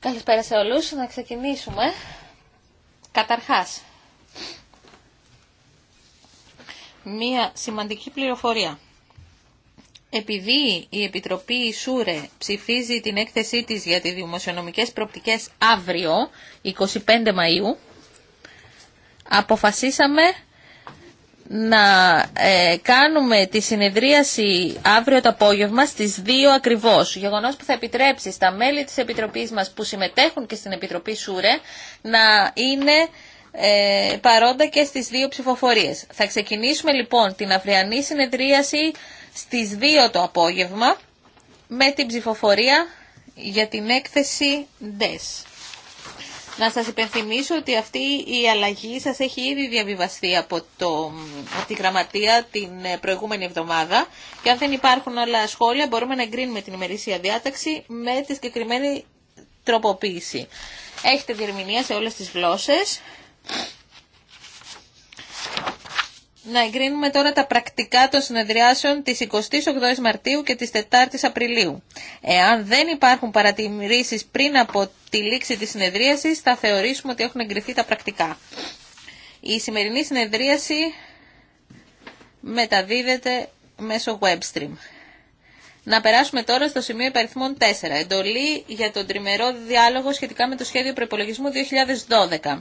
Καλησπέρα σε όλους. Να ξεκινήσουμε. Καταρχάς, μία σημαντική πληροφορία. Επειδή η Επιτροπή Σούρε ψηφίζει την έκθεσή της για τις δημοσιονομικές προπτικές αύριο, 25 Μαΐου, αποφασίσαμε να ε, κάνουμε τη συνεδρίαση αύριο το απόγευμα στις 2 ακριβώς. Γεγονός που θα επιτρέψει στα μέλη της Επιτροπής μας που συμμετέχουν και στην Επιτροπή ΣΟΥΡΕ να είναι ε, παρόντα και στις δύο ψηφοφορίες. Θα ξεκινήσουμε λοιπόν την αυριανή συνεδρίαση στις 2 το απόγευμα με την ψηφοφορία για την έκθεση DES. Να σας υπενθυμίσω ότι αυτή η αλλαγή σας έχει ήδη διαβιβαστεί από, το, από τη γραμματεία την ε, προηγούμενη εβδομάδα και αν δεν υπάρχουν άλλα σχόλια μπορούμε να εγκρίνουμε την ημερήσια διάταξη με τη συγκεκριμένη τροποποίηση. Έχετε διερμηνία σε όλες τις γλώσσες. Να εγκρίνουμε τώρα τα πρακτικά των συνεδριάσεων της 28ης Μαρτίου και της 4ης Απριλίου. Εάν δεν υπάρχουν παρατηρήσεις πριν από τη λήξη της συνεδρίασης θα θεωρήσουμε ότι έχουν εγκριθεί τα πρακτικά. Η σημερινή συνεδρίαση μεταδίδεται μέσω webstream. Να περάσουμε τώρα στο σημείο υπαριθμών 4. Εντολή για τον τριμερό διάλογο σχετικά με το σχέδιο προπολογισμού 2012.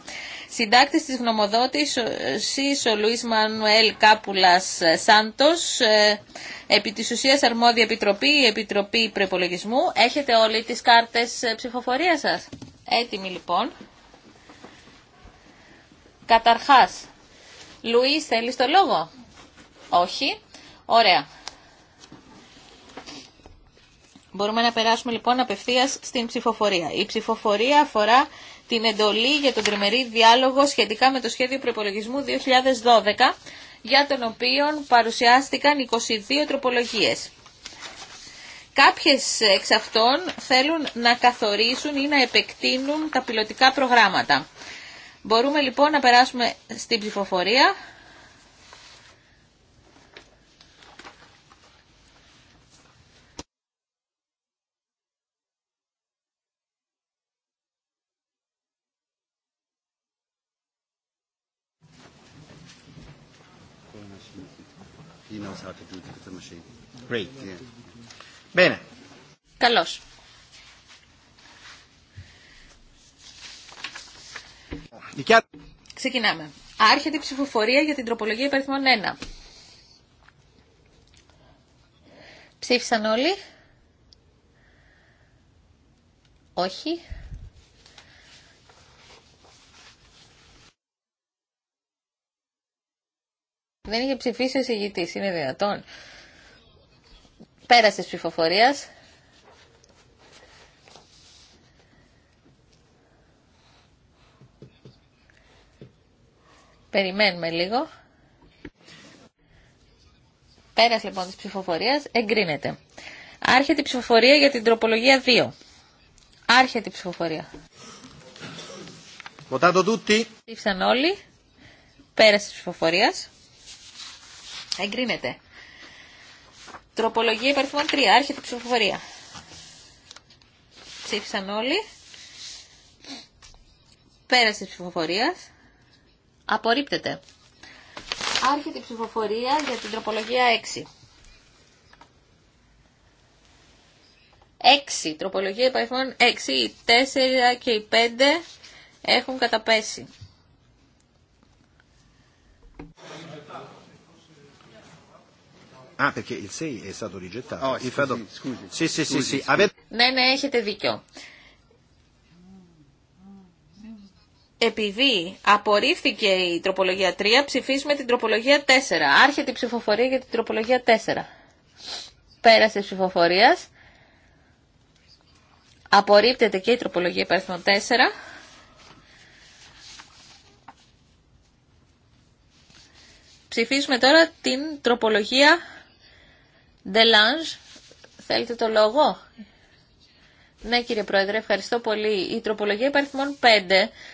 Συντάκτης της γνωμοδότησης ο Λουίς Μανουέλ Κάπουλας Σάντος, ε, επί της ουσίας αρμόδια επιτροπή, η Επιτροπή Προπολογισμού. Έχετε όλοι τις κάρτες ε, ψηφοφορίας σας. Έτοιμοι λοιπόν. Καταρχάς, Λουίς θέλεις το λόγο. Όχι. Ωραία. Μπορούμε να περάσουμε λοιπόν απευθείας στην ψηφοφορία. Η ψηφοφορία αφορά την εντολή για τον τριμερή διάλογο σχετικά με το σχέδιο προπολογισμού 2012, για τον οποίο παρουσιάστηκαν 22 τροπολογίες. Κάποιες εξ αυτών θέλουν να καθορίσουν ή να επεκτείνουν τα πιλωτικά προγράμματα. Μπορούμε λοιπόν να περάσουμε στην ψηφοφορία. knows Καλώς. Ξεκινάμε. Άρχεται η ψηφοφορία για την τροπολογία υπαριθμών 1. Ψήφισαν όλοι. Όχι. Δεν είχε ψηφίσει ο εισηγητής. Είναι δυνατόν. Πέρασε τη ψηφοφορίας. Περιμένουμε λίγο. Πέρασε λοιπόν της ψηφοφορίας εγκρίνεται. Άρχεται η ψηφοφορία για την τροπολογία 2. Άρχεται η ψηφοφορία. Votato tutti. Ψήφισαν όλοι. Πέρας τη ψηφοφορίας. Εγκρίνεται. Τροπολογία υπαριθμών 3. Άρχεται η ψηφοφορία. Ψήφισαν όλοι. Πέρασε η ψηφοφορία. Απορρίπτεται. Άρχεται η ψηφοφορία για την τροπολογία 6. 6. Τροπολογία υπαριθμών 6. Οι 4 και οι 5 έχουν καταπέσει. Ναι, ναι, έχετε δίκιο. Επειδή απορρίφθηκε η τροπολογία 3, ψηφίσουμε την τροπολογία 4. Άρχεται η ψηφοφορία για την τροπολογία 4. Πέρασε η ψηφοφορία. Απορρίπτεται και η τροπολογία υπαριθμών 4. Ψηφίσουμε τώρα την τροπολογία Ντελάνζ, θέλετε το λόγο. Ναι κύριε Πρόεδρε, ευχαριστώ πολύ. Η τροπολογία υπαριθμών 5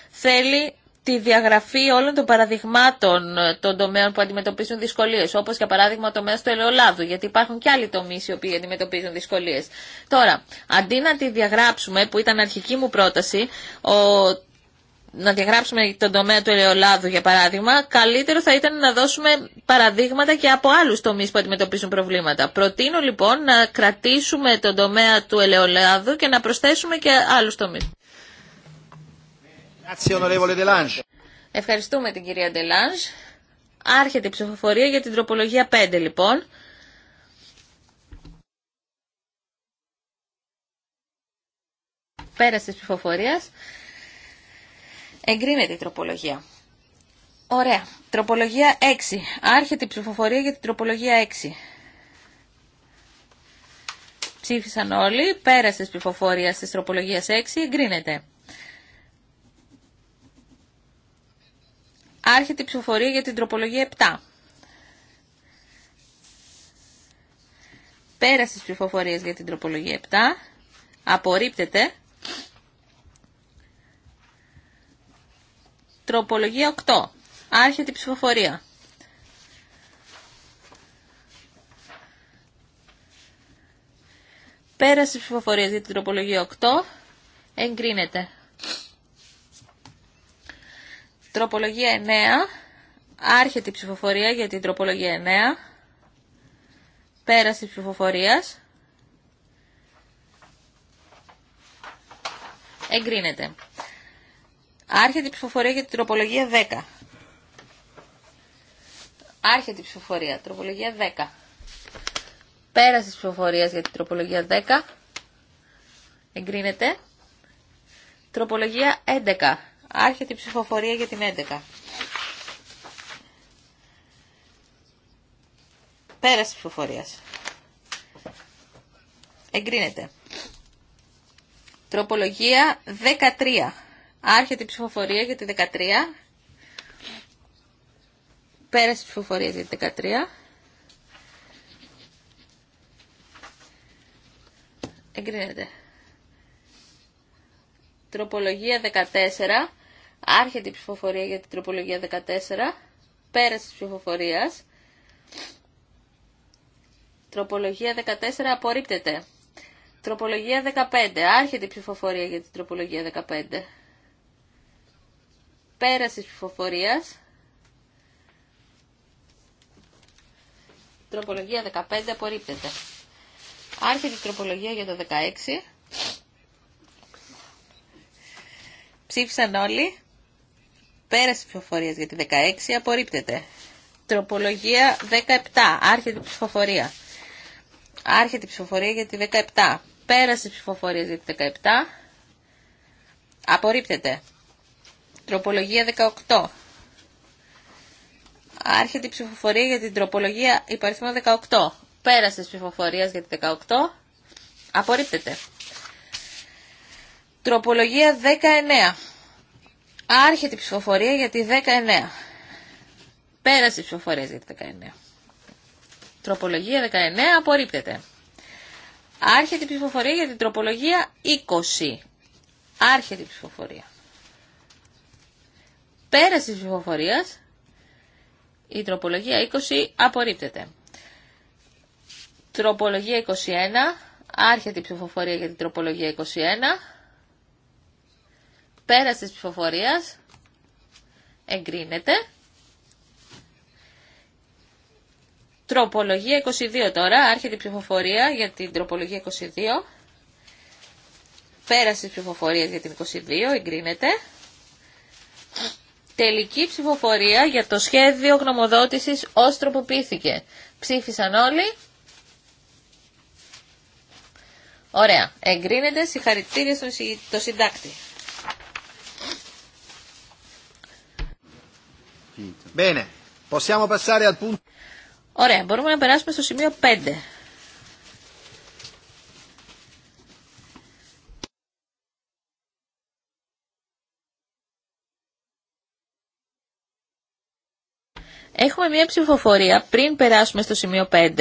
θέλει τη διαγραφή όλων των παραδειγμάτων των τομέων που αντιμετωπίζουν δυσκολίε, όπω για παράδειγμα το τομέα του ελαιολάδου, γιατί υπάρχουν και άλλοι τομεί οι οποίοι αντιμετωπίζουν δυσκολίε. Τώρα, αντί να τη διαγράψουμε, που ήταν αρχική μου πρόταση, ο να διαγράψουμε τον τομέα του ελαιολάδου για παράδειγμα, καλύτερο θα ήταν να δώσουμε παραδείγματα και από άλλους τομείς που αντιμετωπίζουν προβλήματα. Προτείνω λοιπόν να κρατήσουμε τον τομέα του ελαιολάδου και να προσθέσουμε και άλλους τομείς. Ευχαριστούμε την κυρία Ντελάνζ. Άρχεται η ψηφοφορία για την τροπολογία 5 λοιπόν. Πέρασε τη ψηφοφορίας. Εγκρίνεται η τροπολογία. Ωραία. Τροπολογία 6. Άρχεται η ψηφοφορία για την τροπολογία 6. Ψήφισαν όλοι. Πέρασε τη ψηφοφορία τη τροπολογία 6. Εγκρίνεται. Άρχεται η ψηφοφορία για την τροπολογία 7. Πέρασε τη ψηφοφορία για την τροπολογία 7. Απορρίπτεται. Τροπολογία 8. Άρχεται η ψηφοφορία. Πέρασε η ψηφοφορία για την τροπολογία 8. Εγκρίνεται. Τροπολογία 9. Άρχεται η ψηφοφορία για την τροπολογία 9. πέρασε ψηφοφορία. ψηφοφορία Εγκρίνεται. Άρχεται η ψηφοφορία για την τροπολογία 10. Άρχεται η ψηφοφορία. Τροπολογία 10. Πέραση τη ψηφοφορίας για την τροπολογία 10. Εγκρίνεται. Τροπολογία 11. Άρχεται η ψηφοφορία για την 11. Πέραση τη ψηφοφορίας. Εγκρίνεται. Τροπολογία 13. Άρχεται η ψηφοφορία για τη 13. Πέρασε η ψηφοφορία για τη 13. Εγκρίνεται. Τροπολογία 14. Άρχεται η ψηφοφορία για την τροπολογία 14. Πέρασε τη ψηφοφορία. Τροπολογία 14 απορρίπτεται. Τροπολογία 15. Άρχεται η ψηφοφορία για την τροπολογία 15. Πέραση ψηφοφορίας. Τροπολογία 15 απορρίπτεται. Άρχεται η τροπολογία για το 16. Ψήφισαν όλοι. Πέρασε ψηφοφορία για τη 16. Απορρίπτεται. Τροπολογία 17. Άρχεται η ψηφοφορία. Άρχεται η ψηφοφορία για τη 17. Πέρασε ψηφοφορία για τη 17. Απορρίπτεται. Τροπολογία 18. Άρχεται η ψηφοφορία για την τροπολογία υπαριθμό 18. Πέρασε τη ψηφοφορία για την 18. Απορρίπτεται. Τροπολογία 19. Άρχεται η ψηφοφορία για τη 19. Πέρασε ψηφοφορίας ψηφοφορία για τη 19. Τροπολογία 19 απορρίπτεται. Άρχεται η ψηφοφορία για την τροπολογία 20. Άρχεται η ψηφοφορία. Πέραση της ψηφοφορία. η τροπολογία 20 απορρίπτεται. Τροπολογία 21, άρχεται η ψηφοφορία για την τροπολογία 21. Πέραση της ψηφοφορία. εγκρίνεται. Τροπολογία 22 τώρα, άρχεται η ψηφοφορία για την τροπολογία 22. Πέραση τη ψηφοφορία για την 22, εγκρίνεται. Τελική ψηφοφορία για το σχέδιο γνωμοδότησης ως τροποποιήθηκε. Ψήφισαν όλοι. Ωραία. Εγκρίνεται. Συγχαρητήρια στον το συντάκτη. Bene. Ωραία. Μπορούμε να περάσουμε στο σημείο 5. Έχουμε μία ψηφοφορία πριν περάσουμε στο σημείο 5.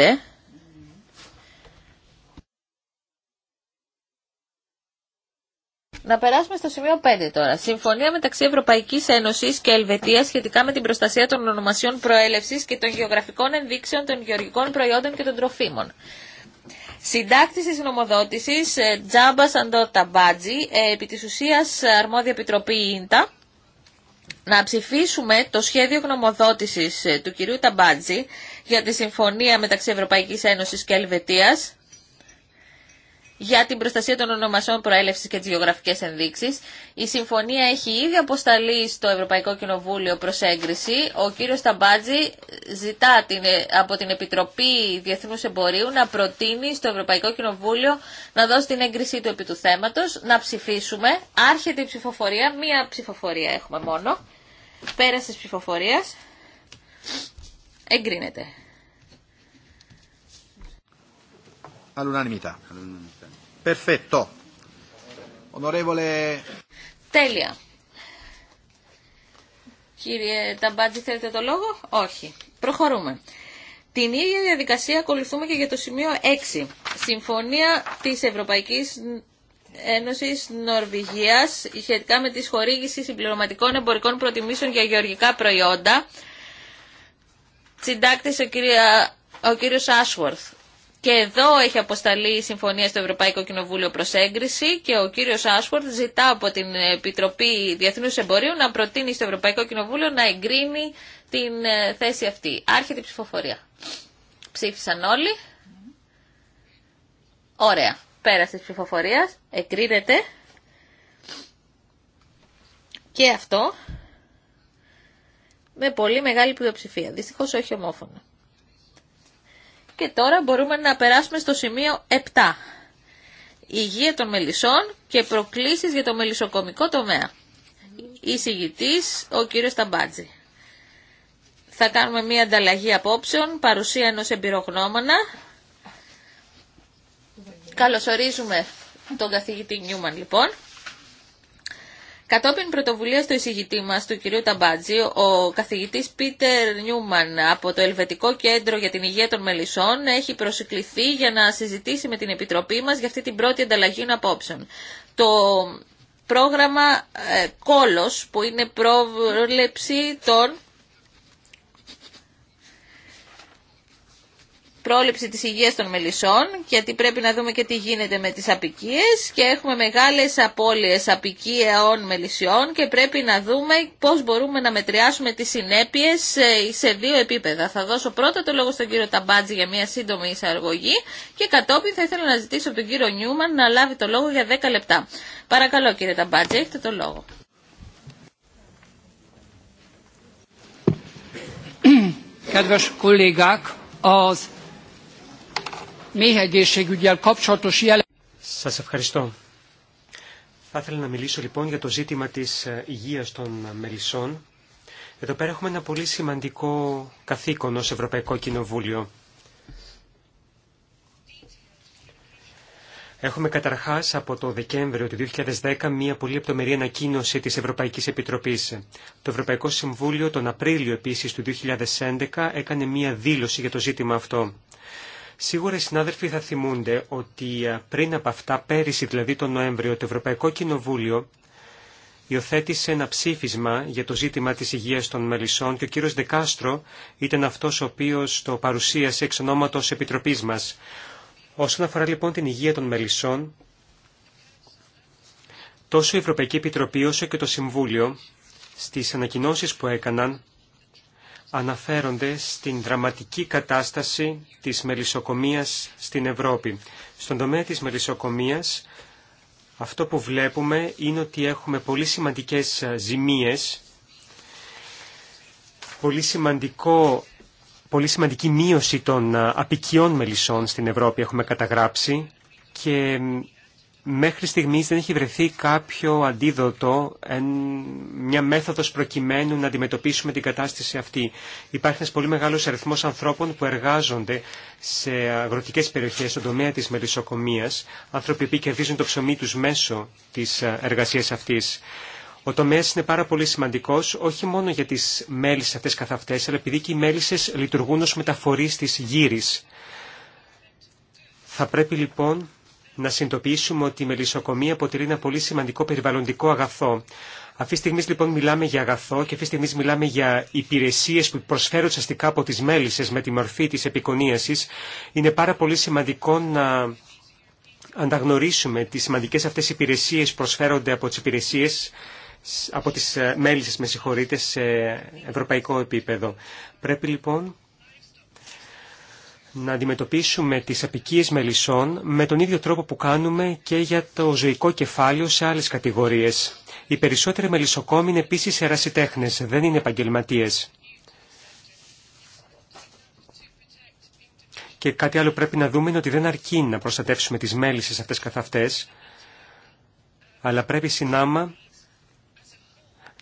Να περάσουμε στο σημείο 5 τώρα. Συμφωνία μεταξύ Ευρωπαϊκή Ένωση και Ελβετία σχετικά με την προστασία των ονομασιών προέλευση και των γεωγραφικών ενδείξεων των γεωργικών προϊόντων και των τροφίμων. Συντάκτη τη νομοδότηση ε, Τζάμπα Σαντόρτα Μπάτζη, ε, επί τη ουσία αρμόδια επιτροπή ΙΝΤΑ να ψηφίσουμε το σχέδιο γνωμοδότησης ε, του κυρίου Ταμπάτζη για τη συμφωνία μεταξύ Ευρωπαϊκής Ένωσης και Ελβετίας για την προστασία των ονομασών προέλευσης και τι γεωγραφικές ενδείξει. Η συμφωνία έχει ήδη αποσταλεί στο Ευρωπαϊκό Κοινοβούλιο προς έγκριση. Ο κύριο Ταμπάτζη ζητά την, από την Επιτροπή Διεθνούς Εμπορίου να προτείνει στο Ευρωπαϊκό Κοινοβούλιο να δώσει την έγκρισή του επί του θέματο, να ψηφίσουμε. Άρχεται η ψηφοφορία, μία ψηφοφορία έχουμε μόνο. Πέρασε τη ψηφοφορίας. Εγκρίνεται. Perfetto. Onorevole... Τέλεια. Κύριε Ταμπάτζη, θέλετε το λόγο? Όχι. Προχωρούμε. Την ίδια διαδικασία ακολουθούμε και για το σημείο 6. Συμφωνία της Ευρωπαϊκής Ένωσης Νορβηγίας σχετικά με τη χορήγηση συμπληρωματικών εμπορικών προτιμήσεων για γεωργικά προϊόντα. Συντάκτης ο, κυρία, ο κύριος Άσουαρθ. Και εδώ έχει αποσταλεί η συμφωνία στο Ευρωπαϊκό Κοινοβούλιο προ έγκριση και ο κύριο Άσφορντ ζητά από την Επιτροπή Διεθνού Εμπορίου να προτείνει στο Ευρωπαϊκό Κοινοβούλιο να εγκρίνει την ε, θέση αυτή. Άρχεται η ψηφοφορία. Ψήφισαν όλοι. Ωραία. Πέρασε τη ψηφοφορία. Εγκρίνεται. Και αυτό με πολύ μεγάλη πλειοψηφία. Δυστυχώς όχι ομόφωνο. Και τώρα μπορούμε να περάσουμε στο σημείο 7. Υγεία των μελισσών και προκλήσεις για το μελισσοκομικό τομέα. Εισηγητής ο κύριος Ταμπάτζη. Θα κάνουμε μία ανταλλαγή απόψεων, παρουσία ενός εμπειρογνώμανα. Καλωσορίζουμε τον καθηγητή Νιούμαν λοιπόν. Κατόπιν πρωτοβουλία του εισηγητή μα, του κυρίου Ταμπάτζη, ο καθηγητή Πίτερ Νιούμαν από το Ελβετικό Κέντρο για την Υγεία των Μελισσών έχει προσυκληθεί για να συζητήσει με την Επιτροπή μα για αυτή την πρώτη ανταλλαγή απόψεων. Το πρόγραμμα ε, που είναι πρόβλεψη των πρόληψη της υγείας των μελισσών, γιατί πρέπει να δούμε και τι γίνεται με τις απικίες και έχουμε μεγάλες απώλειες απικίαιων μελισσιών και πρέπει να δούμε πώς μπορούμε να μετριάσουμε τις συνέπειες ε, σε δύο επίπεδα. Θα δώσω πρώτα το λόγο στον κύριο Ταμπάτζη για μια σύντομη εισαγωγή και κατόπιν θα ήθελα να ζητήσω από τον κύριο Νιούμαν να λάβει το λόγο για 10 λεπτά. Παρακαλώ κύριε Ταμπάτζη, έχετε το λόγο. Kedves σας ευχαριστώ. Θα ήθελα να μιλήσω λοιπόν για το ζήτημα της ε, υγείας των μελισσών. Εδώ πέρα έχουμε ένα πολύ σημαντικό καθήκον ως Ευρωπαϊκό Κοινοβούλιο. Έχουμε καταρχάς από το Δεκέμβριο του 2010 μία πολύ λεπτομερή ανακοίνωση της Ευρωπαϊκής Επιτροπής. Το Ευρωπαϊκό Συμβούλιο τον Απρίλιο επίσης του 2011 έκανε μία δήλωση για το ζήτημα αυτό. Σίγουρα οι συνάδελφοι θα θυμούνται ότι ε, πριν από αυτά, πέρυσι δηλαδή τον Νοέμβριο, το Ευρωπαϊκό Κοινοβούλιο υιοθέτησε ένα ψήφισμα για το ζήτημα της υγείας των μελισσών και ο κύριος Δεκάστρο ήταν αυτός ο οποίος το παρουσίασε εξ ονόματος Επιτροπής μας. Όσον αφορά λοιπόν την υγεία των μελισσών, τόσο η Ευρωπαϊκή Επιτροπή όσο και το Συμβούλιο στις ανακοινώσεις που έκαναν αναφέρονται στην δραματική κατάσταση της μελισσοκομίας στην Ευρώπη. Στον τομέα της μελισσοκομίας αυτό που βλέπουμε είναι ότι έχουμε πολύ σημαντικές ε, ζημίες, πολύ, σημαντικό, πολύ σημαντική μείωση των ε, απικιών μελισσών στην Ευρώπη έχουμε καταγράψει και Μέχρι στιγμής δεν έχει βρεθεί κάποιο αντίδοτο, μια μέθοδος προκειμένου να αντιμετωπίσουμε την κατάσταση αυτή. Υπάρχει ένας πολύ μεγάλος αριθμός ανθρώπων που εργάζονται σε αγροτικές περιοχές στον τομέα της μελισσοκομείας, άνθρωποι που κερδίζουν το ψωμί τους μέσω της εργασίας αυτής. Ο τομέας είναι πάρα πολύ σημαντικός, όχι μόνο για τις μέλισσες αυτές καθ' αυτές, αλλά επειδή και οι μέλισσες λειτουργούν ως μεταφορείς της γύρης. Θα πρέπει λοιπόν να συνειδητοποιήσουμε ότι η μελισσοκομεία αποτελεί ένα πολύ σημαντικό περιβαλλοντικό αγαθό. Αυτή τη στιγμή λοιπόν μιλάμε για αγαθό και αυτή τη στιγμή μιλάμε για υπηρεσίε που προσφέρουν ουσιαστικά από τι μέλισσε με τη μορφή τη επικονίαση. Είναι πάρα πολύ σημαντικό να ανταγνωρίσουμε τι σημαντικέ αυτέ υπηρεσίε που προσφέρονται από τι υπηρεσίε από τις μέλισσες, με συγχωρείτε, σε ευρωπαϊκό επίπεδο. Πρέπει λοιπόν να αντιμετωπίσουμε τις απικίες μελισσών με τον ίδιο τρόπο που κάνουμε και για το ζωικό κεφάλαιο σε άλλες κατηγορίες. Οι περισσότεροι μελισσοκόμοι είναι επίσης ερασιτέχνες, δεν είναι επαγγελματίε. Και κάτι άλλο πρέπει να δούμε είναι ότι δεν αρκεί να προστατεύσουμε τις μέλισσες αυτές καθ' αυτές, αλλά πρέπει συνάμα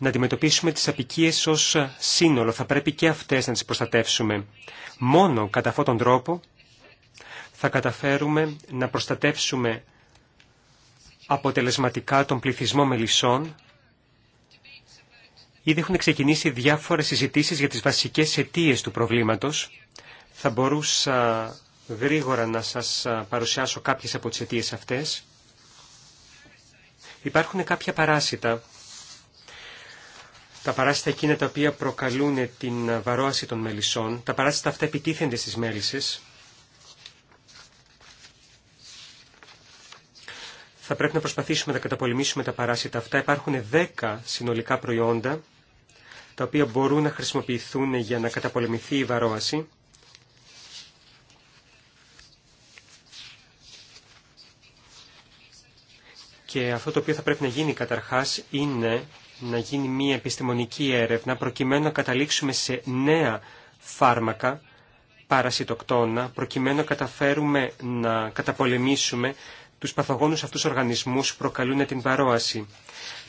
να αντιμετωπίσουμε τις απικίες ως σύνολο. Θα πρέπει και αυτές να τις προστατεύσουμε. Μόνο κατά αυτόν τον τρόπο θα καταφέρουμε να προστατεύσουμε αποτελεσματικά τον πληθυσμό μελισσών. Ήδη έχουν ξεκινήσει διάφορες συζητήσεις για τις βασικές αιτίες του προβλήματος. Θα μπορούσα γρήγορα να σας παρουσιάσω κάποιες από τις αιτίες αυτές. Υπάρχουν κάποια παράσιτα τα παράσιτα εκείνα τα οποία προκαλούν την βαρόαση των μελισσών. Τα παράσιτα αυτά επιτίθενται στις μέλισσες. Θα πρέπει να προσπαθήσουμε να καταπολεμήσουμε τα παράσιτα αυτά. Υπάρχουν 10 συνολικά προϊόντα τα οποία μπορούν να χρησιμοποιηθούν για να καταπολεμηθεί η βαρόαση. Και αυτό το οποίο θα πρέπει να γίνει καταρχάς είναι να γίνει μία επιστημονική έρευνα προκειμένου να καταλήξουμε σε νέα φάρμακα παρασιτοκτόνα, προκειμένου να καταφέρουμε να καταπολεμήσουμε τους παθογόνους αυτούς οργανισμούς που προκαλούν την παρόαση.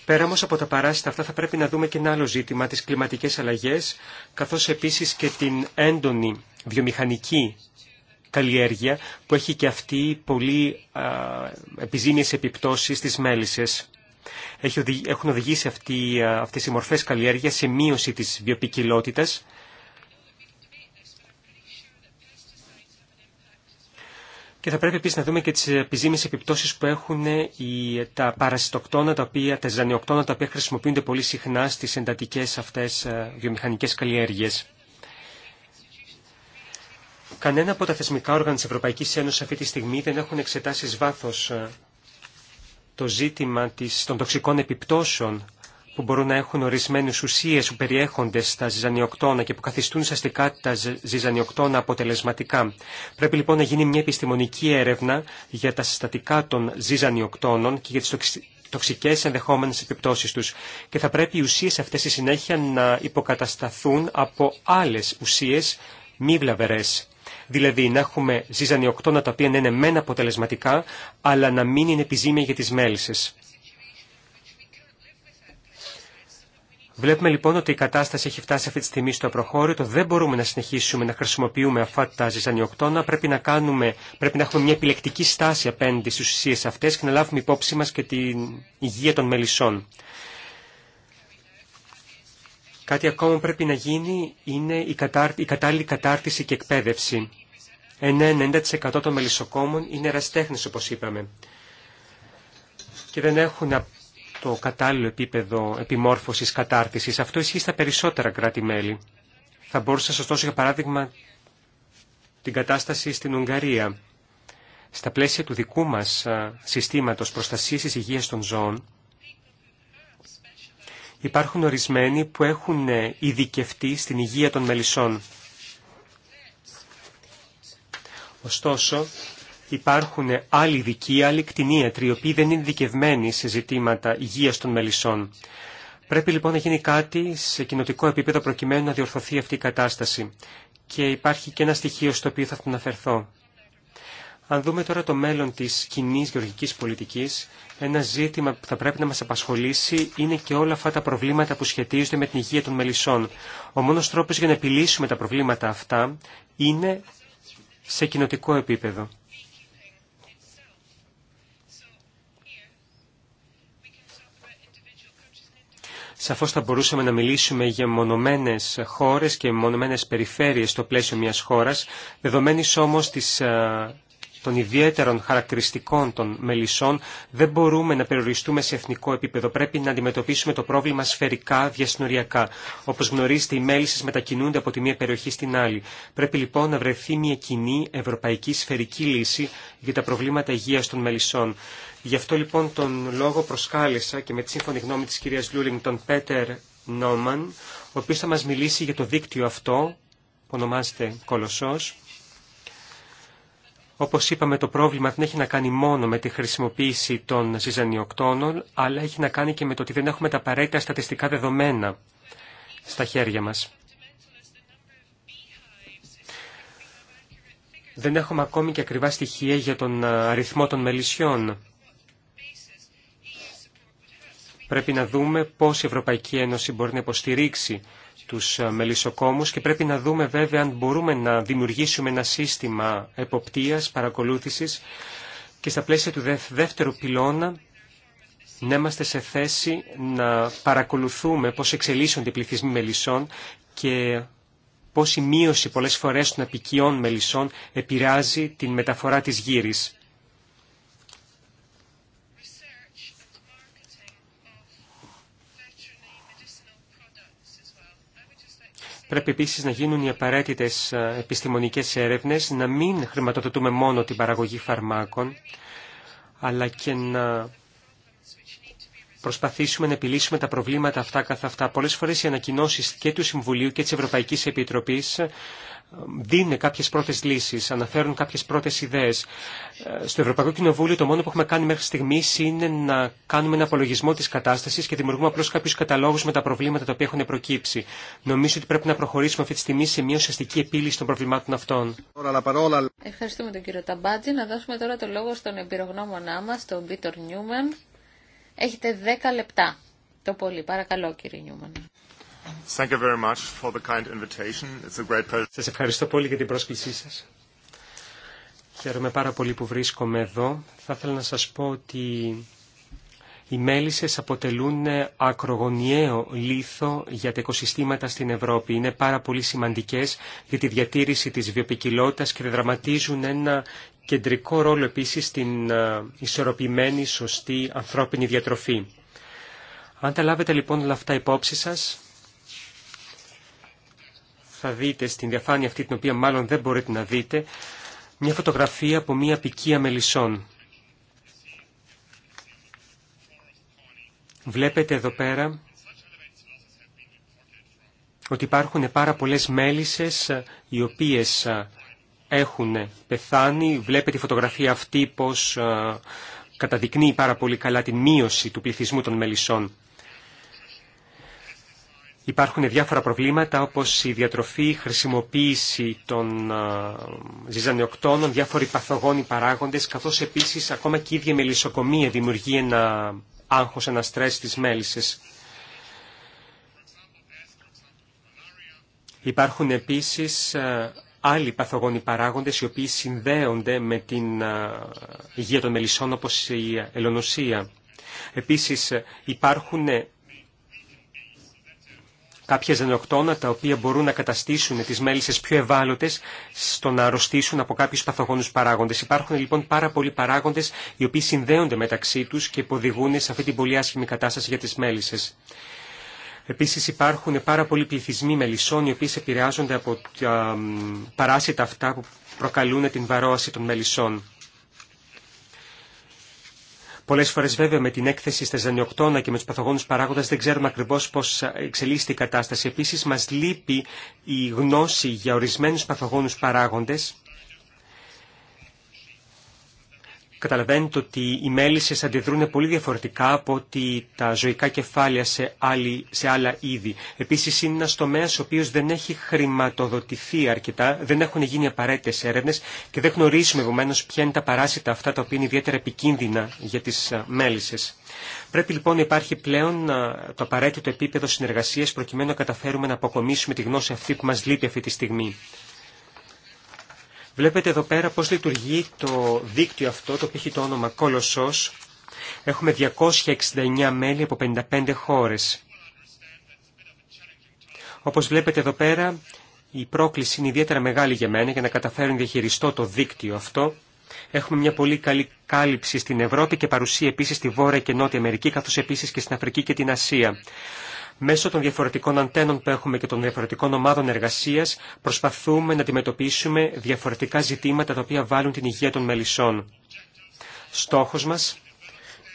Πέρα όμως από τα παράσιτα αυτά θα πρέπει να δούμε και ένα άλλο ζήτημα, τις κλιματικές αλλαγές, καθώς επίσης και την έντονη βιομηχανική καλλιέργεια που έχει και αυτή πολύ επιζήμιες επιπτώσεις στις μέλισσες. Έχουν οδηγήσει αυτοί, ε, αυτές οι μορφές καλλιέργειας σε μείωση της βιοπικιλότητας. Και θα πρέπει επίσης να δούμε και τις επιζήμιες επιπτώσεις που έχουν ε, οι, τα παρασιτοκτόνα, τα, οποία, τα ζανιοκτόνα, τα οποία χρησιμοποιούνται πολύ συχνά στις εντατικές αυτές ε, βιομηχανικές καλλιέργειες. Κανένα από τα θεσμικά όργανα της Ευρωπαϊκής Ένωσης αυτή τη στιγμή δεν έχουν εξετάσει βάθος το ζήτημα της, των τοξικών επιπτώσεων που μπορούν να έχουν ορισμένες ουσίες που περιέχονται στα ζυζανιοκτώνα και που καθιστούν σαστικά τα ζυζανιοκτώνα αποτελεσματικά. Πρέπει λοιπόν να γίνει μια επιστημονική έρευνα για τα συστατικά των ζυζανιοκτώνων και για τις τοξικές ενδεχόμενες επιπτώσεις τους και θα πρέπει οι ουσίες αυτές στη συνέχεια να υποκατασταθούν από άλλες ουσίες μη βλαβερές δηλαδή να έχουμε ζυζανιοκτώνα τα οποία να είναι μεν αποτελεσματικά, αλλά να μην είναι επιζήμια για τις μέλισσες. Βλέπουμε λοιπόν ότι η κατάσταση έχει φτάσει αυτή τη στιγμή στο απροχώρητο. Δεν μπορούμε να συνεχίσουμε να χρησιμοποιούμε αυτά τα ζυζανιοκτώνα. Πρέπει να, κάνουμε, πρέπει να έχουμε μια επιλεκτική στάση απέναντι στι ουσίε αυτέ και να λάβουμε υπόψη μας και την υγεία των μελισσών. Κάτι ακόμα πρέπει να γίνει είναι η, η κατάλληλη κατάρτιση και εκπαίδευση. 90% των μελισσοκόμων είναι εραστέχνε, όπως είπαμε και δεν έχουν το κατάλληλο επίπεδο επιμόρφωσης κατάρτισης. Αυτό ισχύει στα περισσότερα κράτη-μέλη. Θα μπορούσα να δώσω για παράδειγμα την κατάσταση στην Ουγγαρία. Στα πλαίσια του δικού μας συστήματος προστασίας της υγείας των ζώων, υπάρχουν ορισμένοι που έχουν ε, ειδικευτεί στην υγεία των μελισσών. Ωστόσο, υπάρχουν άλλοι δικοί, άλλοι κτηνίατροι, οι οποίοι δεν είναι δικευμένοι σε ζητήματα υγείας των μελισσών. Πρέπει λοιπόν να γίνει κάτι σε κοινοτικό επίπεδο προκειμένου να διορθωθεί αυτή η κατάσταση. Και υπάρχει και ένα στοιχείο στο οποίο θα αναφερθώ. Αν δούμε τώρα το μέλλον της κοινή γεωργικής πολιτικής, ένα ζήτημα που θα πρέπει να μας απασχολήσει είναι και όλα αυτά τα προβλήματα που σχετίζονται με την υγεία των μελισσών. Ο μόνος τρόπος για να επιλύσουμε τα προβλήματα αυτά είναι σε κοινοτικό επίπεδο. Σαφώς θα μπορούσαμε να μιλήσουμε για μονομένες χώρες και μονομένες περιφέρειες στο πλαίσιο μιας χώρας, δεδομένης όμως της των ιδιαίτερων χαρακτηριστικών των μελισσών δεν μπορούμε να περιοριστούμε σε εθνικό επίπεδο. Πρέπει να αντιμετωπίσουμε το πρόβλημα σφαιρικά, διασυνοριακά. Όπω γνωρίζετε, οι μέλισσε μετακινούνται από τη μία περιοχή στην άλλη. Πρέπει λοιπόν να βρεθεί μια κοινή ευρωπαϊκή σφαιρική λύση για τα προβλήματα υγεία των μελισσών. Γι' αυτό λοιπόν τον λόγο προσκάλεσα και με τη σύμφωνη γνώμη τη κυρία Λούλινγκ τον Πέτερ Νόμαν, ο οποίο θα μα μιλήσει για το δίκτυο αυτό που ονομάζεται Κολοσσός όπως είπαμε, το πρόβλημα δεν έχει να κάνει μόνο με τη χρησιμοποίηση των ζυζανιοκτώνων, αλλά έχει να κάνει και με το ότι δεν έχουμε τα απαραίτητα στατιστικά δεδομένα στα χέρια μας. Δεν έχουμε ακόμη και ακριβά στοιχεία για τον αριθμό των μελισσιών. Πρέπει να δούμε πώς η Ευρωπαϊκή Ένωση μπορεί να υποστηρίξει τους ε, μελισσοκόμους και πρέπει να δούμε βέβαια αν μπορούμε να δημιουργήσουμε ένα σύστημα εποπτείας, παρακολούθησης και στα πλαίσια του δεύτερου πυλώνα να είμαστε σε θέση να παρακολουθούμε πώς εξελίσσονται οι πληθυσμοί μελισσών και πώς η μείωση πολλές φορές των απικιών μελισσών επηρεάζει την μεταφορά της γύρης. Πρέπει επίσης να γίνουν οι απαραίτητες ε, επιστημονικές έρευνες, να μην χρηματοδοτούμε μόνο την παραγωγή φαρμάκων, αλλά και να προσπαθήσουμε να επιλύσουμε τα προβλήματα αυτά καθ' αυτά. Πολλές φορές οι ανακοινώσεις και του Συμβουλίου και της Ευρωπαϊκής Επιτροπής ε, δίνουν κάποιες πρώτες λύσεις, αναφέρουν κάποιες πρώτες ιδέες. Ε, στο Ευρωπαϊκό Κοινοβούλιο το μόνο που έχουμε κάνει μέχρι στιγμής είναι να κάνουμε ένα απολογισμό της κατάστασης και δημιουργούμε απλώς κάποιους καταλόγους με τα προβλήματα τα οποία έχουν προκύψει. Νομίζω ότι πρέπει να προχωρήσουμε αυτή τη στιγμή σε μια ουσιαστική επίλυση των προβλημάτων αυτών. Ευχαριστούμε τον κύριο Ταμπάτζη. Να δώσουμε τώρα το λόγο στον εμπειρογνώμονά μας, τον Πίτορ Νιούμεν Έχετε 10 λεπτά το πολύ. Παρακαλώ κύριε Νιούμαν. Thank Σας ευχαριστώ πολύ για την πρόσκλησή σας. Χαίρομαι πάρα πολύ που βρίσκομαι εδώ. Θα ήθελα να σας πω ότι οι μέλισσες αποτελούν ακρογωνιαίο λίθο για τα οικοσυστήματα στην Ευρώπη. Είναι πάρα πολύ σημαντικές για τη διατήρηση της βιοπικιλότητας και δραματίζουν ένα κεντρικό ρόλο επίσης στην ε, ισορροπημένη, σωστή ανθρώπινη διατροφή. Αν τα λάβετε λοιπόν όλα αυτά υπόψη σας, θα δείτε στην διαφάνεια αυτή την οποία μάλλον δεν μπορείτε να δείτε, μια φωτογραφία από μια πικία μελισσών. Βλέπετε εδώ πέρα ότι υπάρχουν πάρα πολλές μέλισσες ε, οι οποίες ε, έχουν πεθάνει. Βλέπετε τη φωτογραφία αυτή πως ε, καταδεικνύει πάρα πολύ καλά την μείωση του πληθυσμού των μελισσών. Υπάρχουν διάφορα προβλήματα όπως η διατροφή, η χρησιμοποίηση των ε, ζυζανιοκτώνων, διάφοροι παθογόνοι παράγοντες, καθώς επίσης ακόμα και η ίδια μελισσοκομεία δημιουργεί ένα άγχος, ένα στρες στις μέλισσες. Υπάρχουν επίσης ε, άλλοι παθογόνοι παράγοντες οι οποίοι συνδέονται με την υγεία των μελισσών όπως η ελονοσία. Επίσης υπάρχουν κάποια ζενοκτώνα τα οποία μπορούν να καταστήσουν τις μέλισσες πιο ευάλωτες στο να αρρωστήσουν από κάποιους παθογόνους παράγοντες. Υπάρχουν λοιπόν πάρα πολλοί παράγοντες οι οποίοι συνδέονται μεταξύ τους και υποδηγούν σε αυτή την πολύ άσχημη κατάσταση για τις μέλισσες. Επίσης υπάρχουν πάρα πολλοί πληθυσμοί μελισσών οι οποίες επηρεάζονται από τα παράσιτα αυτά που προκαλούν την βαρόαση των μελισσών. Πολλές φορές βέβαια με την έκθεση στα ζανιοκτώνα και με τους παθογόνους παράγοντας δεν ξέρουμε ακριβώς πώς εξελίσσεται η κατάσταση. Επίσης μας λείπει η γνώση για ορισμένους παθογόνους παράγοντες καταλαβαίνετε ότι οι μέλισσες αντιδρούν πολύ διαφορετικά από ότι τα ζωικά κεφάλαια σε, άλλη, σε άλλα είδη. Επίσης είναι ένας τομέας ο οποίος δεν έχει χρηματοδοτηθεί αρκετά, δεν έχουν γίνει απαραίτητες έρευνες και δεν γνωρίζουμε επομένω ποια είναι τα παράσιτα αυτά τα οποία είναι ιδιαίτερα επικίνδυνα για τις μέλισσες. Πρέπει λοιπόν να υπάρχει πλέον το απαραίτητο επίπεδο συνεργασίας προκειμένου να καταφέρουμε να αποκομίσουμε τη γνώση αυτή που μας λείπει αυτή τη στιγμή. Βλέπετε εδώ πέρα πώς λειτουργεί το δίκτυο αυτό, το οποίο έχει το όνομα Κόλοσσος. Έχουμε 269 μέλη από 55 χώρες. Όπως βλέπετε εδώ πέρα, η πρόκληση είναι ιδιαίτερα μεγάλη για μένα για να καταφέρουν διαχειριστώ το δίκτυο αυτό. Έχουμε μια πολύ καλή κάλυψη στην Ευρώπη και παρουσία επίσης στη Βόρεια και Νότια Αμερική, καθώς επίσης και στην Αφρική και την Ασία. Μέσω των διαφορετικών αντένων που έχουμε και των διαφορετικών ομάδων εργασίας προσπαθούμε να αντιμετωπίσουμε διαφορετικά ζητήματα τα οποία βάλουν την υγεία των μελισσών. Στόχος μας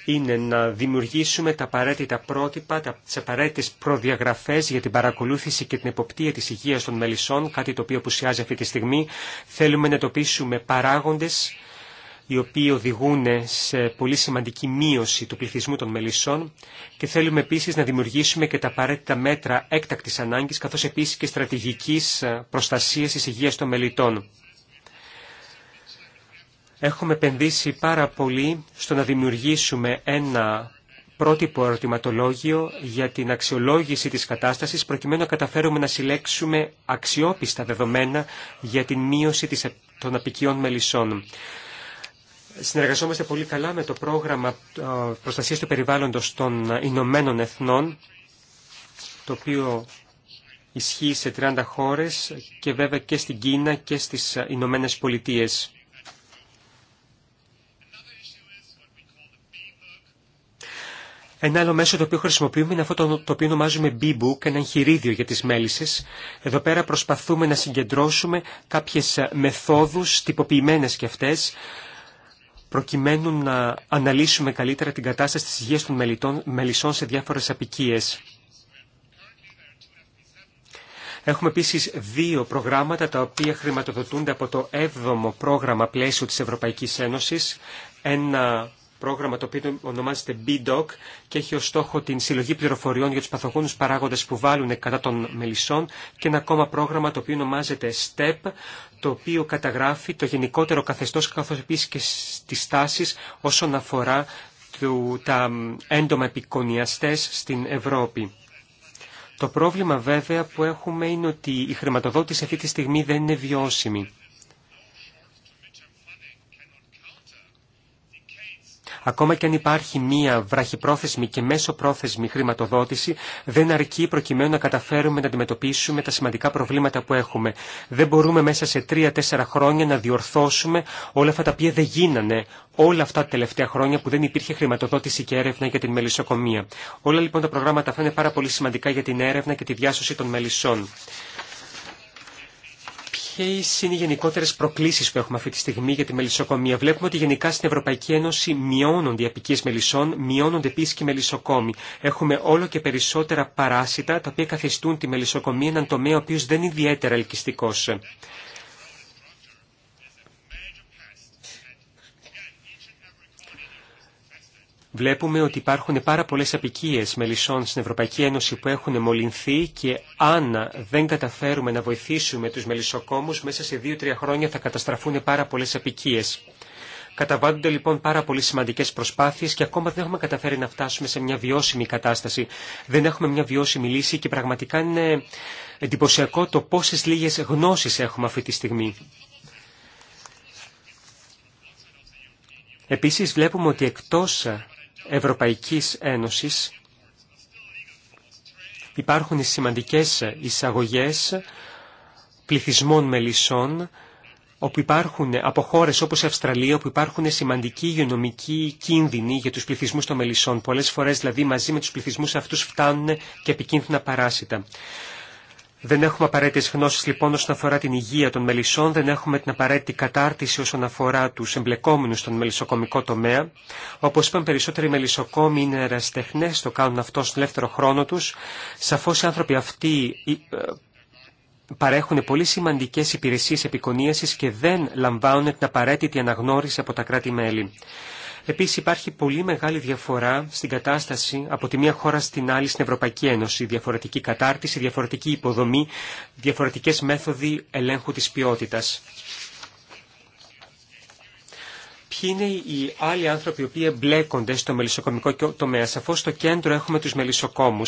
είναι να δημιουργήσουμε τα απαραίτητα πρότυπα, τι απαραίτητε προδιαγραφέ για την παρακολούθηση και την εποπτεία τη υγεία των μελισσών, κάτι το οποίο πουσιάζει αυτή τη στιγμή. Θέλουμε να εντοπίσουμε παράγοντε οι οποίοι οδηγούν σε πολύ σημαντική μείωση του πληθυσμού των μελισσών και θέλουμε επίσης να δημιουργήσουμε και τα απαραίτητα μέτρα έκτακτης ανάγκης καθώς επίσης και στρατηγικής ε, προστασίας της υγείας των μελιτών. Έχουμε επενδύσει πάρα πολύ στο να δημιουργήσουμε ένα πρότυπο ερωτηματολόγιο για την αξιολόγηση της κατάστασης προκειμένου να καταφέρουμε να συλλέξουμε αξιόπιστα δεδομένα για την μείωση των απικιών μελισσών. Συνεργαζόμαστε πολύ καλά με το πρόγραμμα ε, προστασίας του περιβάλλοντος των Ηνωμένων Εθνών, το οποίο ισχύει σε 30 χώρες και βέβαια και στην Κίνα και στις Ηνωμένε Πολιτείες. Ένα άλλο μέσο το οποίο χρησιμοποιούμε είναι αυτό το οποίο ονομάζουμε B-Book, ένα εγχειρίδιο για τις μέλισσες. Εδώ πέρα προσπαθούμε να συγκεντρώσουμε κάποιες μεθόδους, τυποποιημένες και αυτές, προκειμένου να αναλύσουμε καλύτερα την κατάσταση της υγείας των μελιτών, μελισσών σε διάφορες απικίες. Έχουμε επίσης δύο προγράμματα τα οποία χρηματοδοτούνται από το 7ο πρόγραμμα πλαίσιο της Ευρωπαϊκής Ένωσης. Ένα πρόγραμμα το οποίο ονομάζεται BDOC και έχει ως στόχο την συλλογή πληροφοριών για τους παθογόνους παράγοντες που βάλουν κατά των μελισσών και ένα ακόμα πρόγραμμα το οποίο ονομάζεται STEP το οποίο καταγράφει το γενικότερο καθεστώς καθώς επίσης και στις τάσεις όσον αφορά τα έντομα επικονιαστές στην Ευρώπη. Το πρόβλημα βέβαια που έχουμε είναι ότι η χρηματοδότηση αυτή τη στιγμή δεν είναι βιώσιμη. Ακόμα και αν υπάρχει μία βραχυπρόθεσμη και μέσοπρόθεσμη χρηματοδότηση, δεν αρκεί προκειμένου να καταφέρουμε να αντιμετωπίσουμε τα σημαντικά προβλήματα που έχουμε. Δεν μπορούμε μέσα σε τρία-τέσσερα χρόνια να διορθώσουμε όλα αυτά τα οποία δεν γίνανε όλα αυτά τα τελευταία χρόνια που δεν υπήρχε χρηματοδότηση και έρευνα για την μελισσοκομεία. Όλα λοιπόν τα προγράμματα αυτά είναι πάρα πολύ σημαντικά για την έρευνα και τη διάσωση των μελισσών ποιε είναι οι γενικότερε προκλήσεις που έχουμε αυτή τη στιγμή για τη μελισσοκομία. Βλέπουμε ότι γενικά στην Ευρωπαϊκή Ένωση μειώνονται οι απικίες μελισσών, μειώνονται επίσης και οι μελισσοκόμοι. Έχουμε όλο και περισσότερα παράσιτα τα οποία καθιστούν τη μελισσοκομία έναν τομέα ο οποίο δεν είναι ιδιαίτερα ελκυστικό. Βλέπουμε ότι υπάρχουν πάρα πολλέ απικίε μελισσών στην Ευρωπαϊκή Ένωση που έχουν μολυνθεί και αν δεν καταφέρουμε να βοηθήσουμε του μελισσοκόμου, μέσα σε δύο-τρία χρόνια θα καταστραφούν πάρα πολλέ απικίε. Καταβάλλονται λοιπόν πάρα πολύ σημαντικέ προσπάθειε και ακόμα δεν έχουμε καταφέρει να φτάσουμε σε μια βιώσιμη κατάσταση. Δεν έχουμε μια βιώσιμη λύση και πραγματικά είναι εντυπωσιακό το πόσε λίγε γνώσει έχουμε αυτή τη στιγμή. Επίσης βλέπουμε ότι εκτός Ευρωπαϊκής Ένωσης υπάρχουν σημαντικές εισαγωγές πληθυσμών μελισσών όπου υπάρχουν από χώρε όπως η Αυστραλία, όπου υπάρχουν σημαντικοί υγειονομικοί κίνδυνοι για τους πληθυσμούς των μελισσών. Πολλές φορές δηλαδή μαζί με τους πληθυσμούς αυτούς φτάνουν και επικίνδυνα παράσιτα. Δεν έχουμε απαραίτητε γνώσει λοιπόν όσον αφορά την υγεία των μελισσών, δεν έχουμε την απαραίτητη κατάρτιση όσον αφορά του εμπλεκόμενου στον μελισσοκομικό τομέα. Όπω είπαν, περισσότεροι μελισσοκόμοι είναι αεραστεχνέ, το κάνουν αυτό στον ελεύθερο χρόνο του. Σαφώ οι άνθρωποι αυτοί ε, παρέχουν πολύ σημαντικέ υπηρεσίε επικονίαση και δεν λαμβάνουν την απαραίτητη αναγνώριση από τα κράτη-μέλη. Επίσης υπάρχει πολύ μεγάλη διαφορά στην κατάσταση από τη μία χώρα στην άλλη στην Ευρωπαϊκή Ένωση. Διαφορετική κατάρτιση, διαφορετική υποδομή, διαφορετικές μέθοδοι ελέγχου της ποιότητας. Ποιοι είναι οι άλλοι άνθρωποι οι οποίοι εμπλέκονται στο μελισσοκομικό τομέα. Σαφώ στο κέντρο έχουμε του μελισσοκόμου.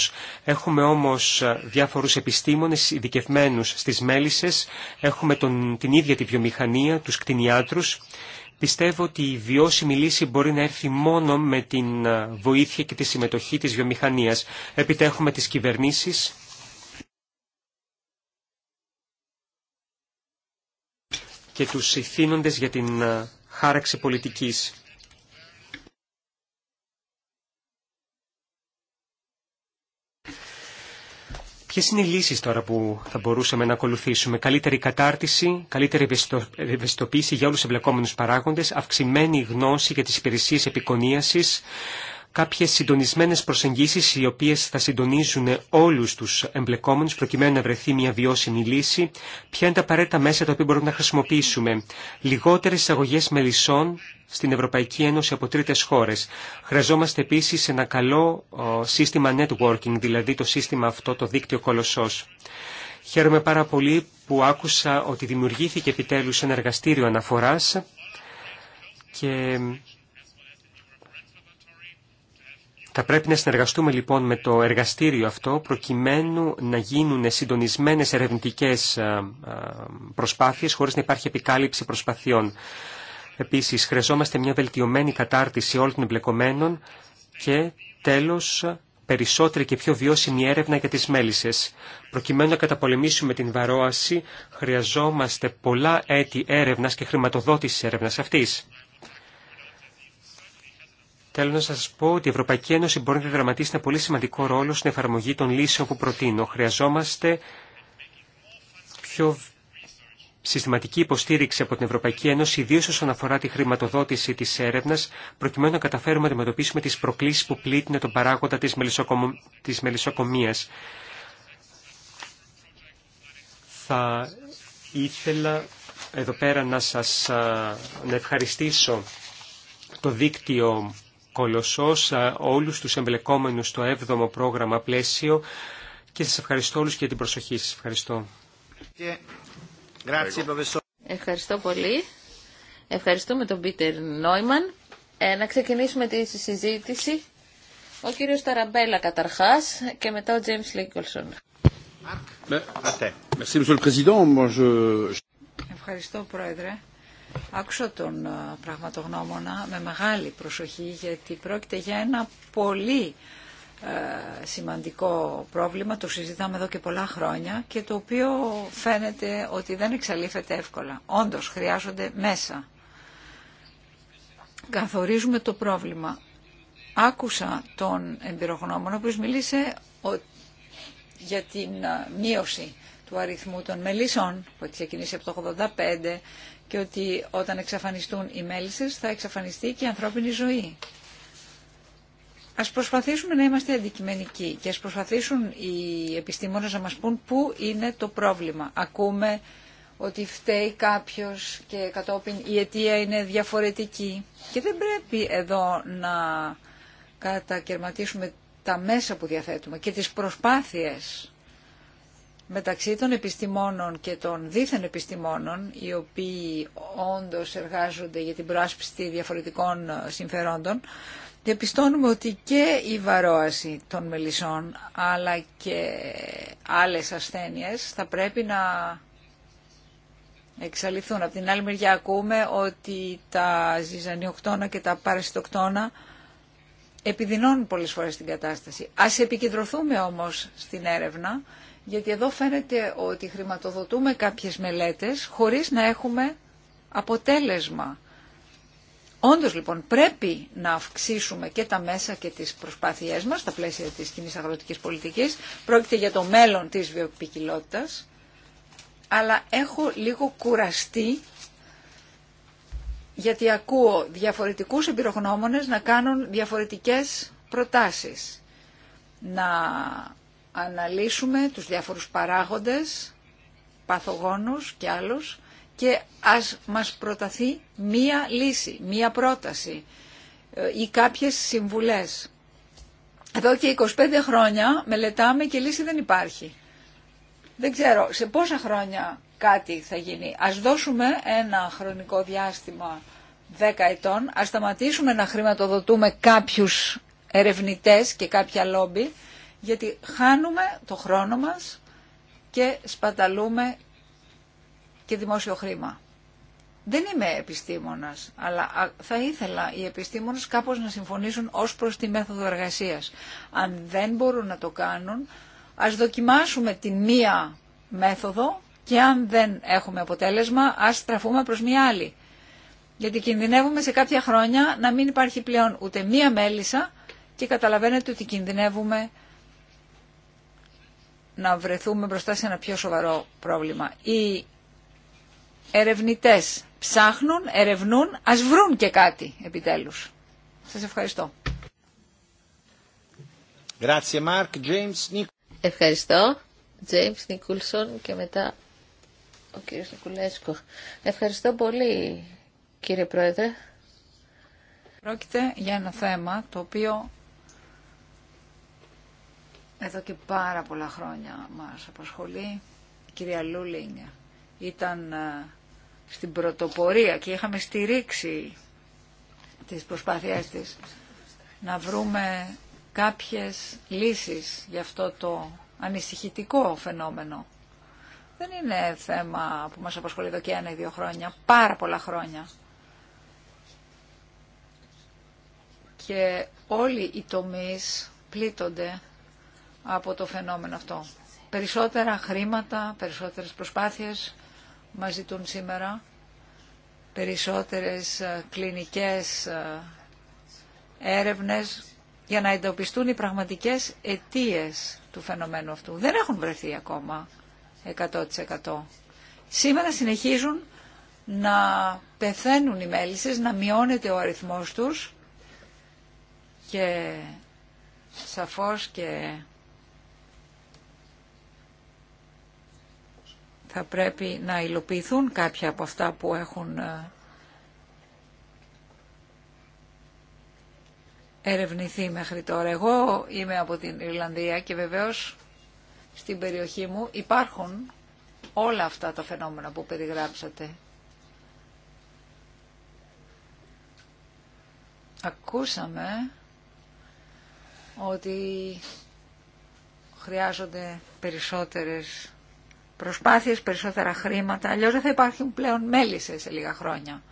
Έχουμε όμω ε, διάφορου επιστήμονε ειδικευμένου στι μέλισσε. Έχουμε τον, την ίδια τη βιομηχανία, του κτηνιάτρου. Πιστεύω ότι η βιώσιμη λύση μπορεί να έρθει μόνο με την ε, βοήθεια και τη συμμετοχή της βιομηχανίας. Επιτέχουμε τις κυβερνήσεις. και τους ηθήνοντες για την ε, χάραξη πολιτικής. Τις είναι οι λύσει τώρα που θα μπορούσαμε να ακολουθήσουμε. Καλύτερη κατάρτιση, καλύτερη ευαισθητοποίηση για όλους του εμπλεκόμενου παράγοντες, αυξημένη γνώση για τις υπηρεσίε επικονίασης, κάποιες συντονισμένες προσεγγίσεις οι οποίες θα συντονίζουν όλους τους εμπλεκόμενους προκειμένου να βρεθεί μια βιώσιμη λύση, ποια είναι τα απαραίτητα μέσα τα οποία μπορούμε να χρησιμοποιήσουμε. Λιγότερες εισαγωγές μελισσών στην Ευρωπαϊκή Ένωση από τρίτες χώρες. Χρειαζόμαστε επίσης ένα καλό σύστημα networking, δηλαδή το σύστημα αυτό, το δίκτυο κολοσσός. Χαίρομαι πάρα πολύ που άκουσα ότι δημιουργήθηκε επιτέλους ένα εργαστήριο αναφοράς και θα πρέπει να συνεργαστούμε λοιπόν με το εργαστήριο αυτό προκειμένου να γίνουν συντονισμένες ερευνητικές ε, ε, προσπάθειες χωρίς να υπάρχει επικάλυψη προσπαθειών. Επίσης, χρειαζόμαστε μια βελτιωμένη κατάρτιση όλων των εμπλεκομένων και τέλος περισσότερη και πιο βιώσιμη έρευνα για τις μέλισσες. Προκειμένου να καταπολεμήσουμε την βαρόαση, χρειαζόμαστε πολλά έτη έρευνας και χρηματοδότησης έρευνας αυτής. Θέλω να σας πω ότι η Ευρωπαϊκή Ένωση μπορεί να δραματίσει ένα πολύ σημαντικό ρόλο στην εφαρμογή των λύσεων που προτείνω. Χρειαζόμαστε πιο συστηματική υποστήριξη από την Ευρωπαϊκή Ένωση, ιδίω όσον αφορά τη χρηματοδότηση τη έρευνα, προκειμένου να καταφέρουμε να αντιμετωπίσουμε τι προκλήσει που πλήττουν τον παράγοντα τη μελισσοκομ... μελισσοκομία. Θα ήθελα εδώ πέρα να σας να ευχαριστήσω το δίκτυο κολοσσός όλους τους εμπλεκόμενους στο 7ο πρόγραμμα πλαίσιο και σας ευχαριστώ όλους για την προσοχή σας. Ευχαριστώ. Ευχαριστώ πολύ. Ευχαριστούμε τον Πίτερ Νόιμαν. Ε, να ξεκινήσουμε τη συζήτηση. Ο κύριος Ταραμπέλα καταρχάς και μετά ο Τζέιμς Λίγκολσον. Ευχαριστώ Πρόεδρε. Άκουσα τον πραγματογνώμονα με μεγάλη προσοχή γιατί πρόκειται για ένα πολύ σημαντικό πρόβλημα, το συζητάμε εδώ και πολλά χρόνια και το οποίο φαίνεται ότι δεν εξαλείφεται εύκολα. Όντως χρειάζονται μέσα. Καθορίζουμε το πρόβλημα. Άκουσα τον εμπειρογνώμονα που μίλησε μιλήσε για την μείωση του αριθμού των μελισσών που έχει ξεκινήσει από το 85 και ότι όταν εξαφανιστούν οι μέλισσες θα εξαφανιστεί και η ανθρώπινη ζωή. Ας προσπαθήσουμε να είμαστε αντικειμενικοί και ας προσπαθήσουν οι επιστήμονες να μας πούν πού είναι το πρόβλημα. Ακούμε ότι φταίει κάποιος και κατόπιν η αιτία είναι διαφορετική και δεν πρέπει εδώ να κατακαιρματίσουμε τα μέσα που διαθέτουμε και τις προσπάθειες μεταξύ των επιστημόνων και των δίθεν επιστημόνων, οι οποίοι όντως εργάζονται για την προάσπιση διαφορετικών ε, συμφερόντων, διαπιστώνουμε ότι και η βαρόαση των μελισσών, αλλά και άλλες ασθένειες θα πρέπει να εξαλειφθούν. Από την άλλη μεριά ακούμε ότι τα ζυζανιοκτώνα και τα παρασιτοκτώνα επιδεινώνουν πολλές φορές την κατάσταση. Ας επικεντρωθούμε όμως στην έρευνα γιατί εδώ φαίνεται ότι χρηματοδοτούμε κάποιες μελέτες χωρίς να έχουμε αποτέλεσμα. Όντως λοιπόν πρέπει να αυξήσουμε και τα μέσα και τις προσπάθειές μας στα πλαίσια της κοινή αγροτικής πολιτικής. Πρόκειται για το μέλλον της βιοποικιλότητας. Αλλά έχω λίγο κουραστεί γιατί ακούω διαφορετικούς εμπειρογνώμονες να κάνουν διαφορετικές προτάσεις. Να αναλύσουμε τους διάφορους παράγοντες, παθογόνους και άλλους και ας μας προταθεί μία λύση, μία πρόταση ε, ή κάποιες συμβουλές. Εδώ και 25 χρόνια μελετάμε και λύση δεν υπάρχει. Δεν ξέρω σε πόσα χρόνια κάτι θα γίνει. Ας δώσουμε ένα χρονικό διάστημα 10 ετών, ας σταματήσουμε να χρηματοδοτούμε κάποιους ερευνητές και κάποια λόμπι γιατί χάνουμε το χρόνο μας και σπαταλούμε και δημόσιο χρήμα. Δεν είμαι επιστήμονας, αλλά θα ήθελα οι επιστήμονες κάπως να συμφωνήσουν ως προς τη μέθοδο εργασίας. Αν δεν μπορούν να το κάνουν, ας δοκιμάσουμε τη μία μέθοδο και αν δεν έχουμε αποτέλεσμα, ας στραφούμε προς μία άλλη. Γιατί κινδυνεύουμε σε κάποια χρόνια να μην υπάρχει πλέον ούτε μία μέλισσα και καταλαβαίνετε ότι κινδυνεύουμε να βρεθούμε μπροστά σε ένα πιο σοβαρό πρόβλημα. Οι ερευνητές ψάχνουν, ερευνούν, ας βρουν και κάτι επιτέλους. Σας ευχαριστώ. Ευχαριστώ. James Nicholson και μετά ο κύριος Νικουλέσκο. Ευχαριστώ πολύ κύριε Πρόεδρε. Πρόκειται για ένα θέμα το οποίο εδώ και πάρα πολλά χρόνια μας απασχολεί. Η κυρία Λούλινγκ ήταν ε, στην πρωτοπορία και είχαμε στηρίξει τις προσπάθειές της να βρούμε κάποιες λύσεις για αυτό το ανησυχητικό φαινόμενο. Δεν είναι θέμα που μας απασχολεί εδώ και ένα ή δύο χρόνια, πάρα πολλά χρόνια. Και όλοι οι τομείς πλήττονται από το φαινόμενο αυτό. Περισσότερα χρήματα, περισσότερες προσπάθειες μας ζητούν σήμερα, περισσότερες ε, κλινικές ε, έρευνες για να εντοπιστούν οι πραγματικές αιτίες του φαινομένου αυτού. Δεν έχουν βρεθεί ακόμα 100%. Σήμερα συνεχίζουν να πεθαίνουν οι μέλισσες, να μειώνεται ο αριθμός τους και σαφώς και θα πρέπει να υλοποιηθούν κάποια από αυτά που έχουν ε, ερευνηθεί μέχρι τώρα. Εγώ είμαι από την Ιρλανδία και βεβαίως στην περιοχή μου υπάρχουν όλα αυτά τα φαινόμενα που περιγράψατε. Ακούσαμε ότι χρειάζονται περισσότερες προσπάθειες, περισσότερα χρήματα, αλλιώς δεν θα υπάρχουν πλέον μέλισσες σε λίγα χρόνια.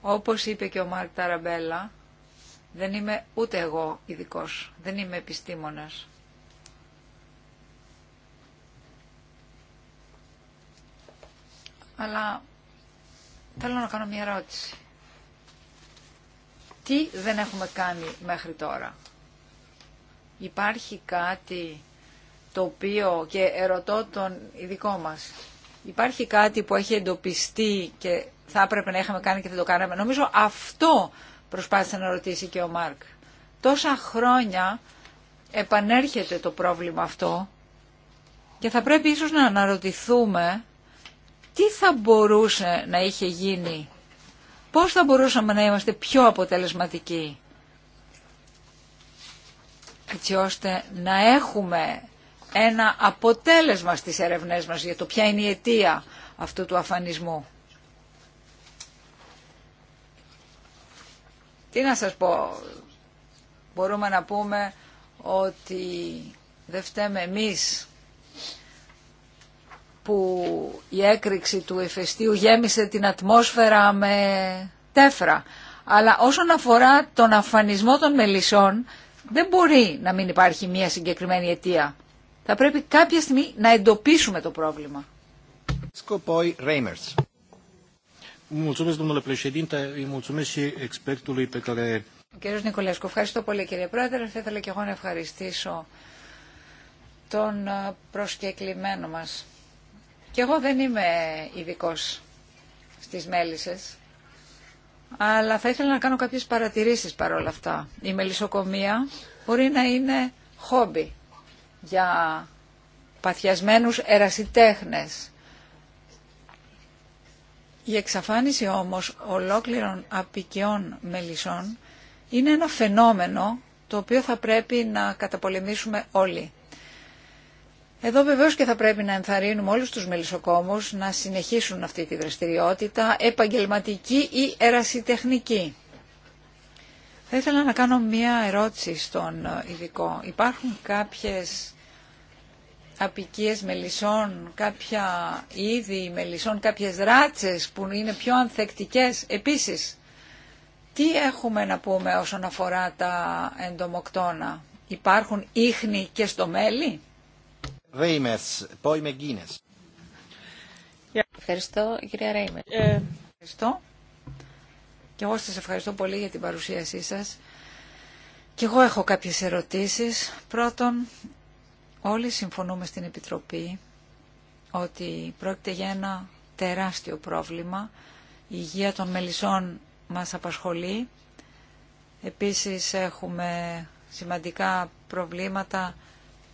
Όπως είπε και ο Μάρκ Ταραμπέλα, δεν είμαι ούτε εγώ ειδικό, δεν είμαι επιστήμονας. Αλλά θέλω να κάνω μια ερώτηση. Τι δεν έχουμε κάνει μέχρι τώρα. Υπάρχει κάτι το οποίο και ερωτώ τον ειδικό μας. Υπάρχει κάτι που έχει εντοπιστεί και θα έπρεπε να είχαμε κάνει και δεν το κάναμε. Νομίζω αυτό προσπάθησε να ρωτήσει και ο Μάρκ. Τόσα χρόνια επανέρχεται το πρόβλημα αυτό και θα πρέπει ίσως να αναρωτηθούμε τι θα μπορούσε να είχε γίνει, πώς θα μπορούσαμε να είμαστε πιο αποτελεσματικοί έτσι ώστε να έχουμε ένα αποτέλεσμα στις ερευνές μας για το ποια είναι η αιτία αυτού του αφανισμού. Τι να σας πω, μπορούμε να πούμε ότι δεν φταίμε εμείς που η έκρηξη του εφεστίου γέμισε την ατμόσφαιρα με τέφρα. Αλλά όσον αφορά τον αφανισμό των μελισσών, δεν μπορεί να μην υπάρχει μια συγκεκριμένη αιτία. Θα πρέπει κάποια στιγμή να εντοπίσουμε το πρόβλημα. Κύριος Νικολέσκο, ευχαριστώ πολύ κύριε Πρόεδρε. Θα ήθελα και εγώ να ευχαριστήσω τον ε, προσκεκλημένο μας. Και εγώ δεν είμαι ειδικό στις μέλισσες, αλλά θα ήθελα να κάνω κάποιες παρατηρήσεις παρόλα αυτά. Η μελισσοκομεία μπορεί να είναι χόμπι για παθιασμένους ερασιτέχνες. Η εξαφάνιση όμως ολόκληρων απικιών μελισσών είναι ένα φαινόμενο το οποίο θα πρέπει να καταπολεμήσουμε όλοι. Εδώ βεβαίως και θα πρέπει να ενθαρρύνουμε όλους τους μελισσοκόμους να συνεχίσουν αυτή τη δραστηριότητα επαγγελματική ή ερασιτεχνική. Θα ήθελα να κάνω μία ερώτηση στον ειδικό. Υπάρχουν κάποιες απικίες μελισσών, κάποια είδη μελισσών, κάποιες ράτσες που είναι πιο ανθεκτικές. Επίσης, τι έχουμε να πούμε όσον αφορά τα εντομοκτώνα. Υπάρχουν ίχνη και στο μέλι. Ευχαριστώ, κυρία Ρέιμερ. Ευχαριστώ. Και εγώ σας ευχαριστώ πολύ για την παρουσίασή σας. Και εγώ έχω κάποιες ερωτήσεις. Πρώτον, όλοι συμφωνούμε στην Επιτροπή ότι πρόκειται για ένα τεράστιο πρόβλημα. Η υγεία των μελισσών μας απασχολεί. Επίσης έχουμε σημαντικά προβλήματα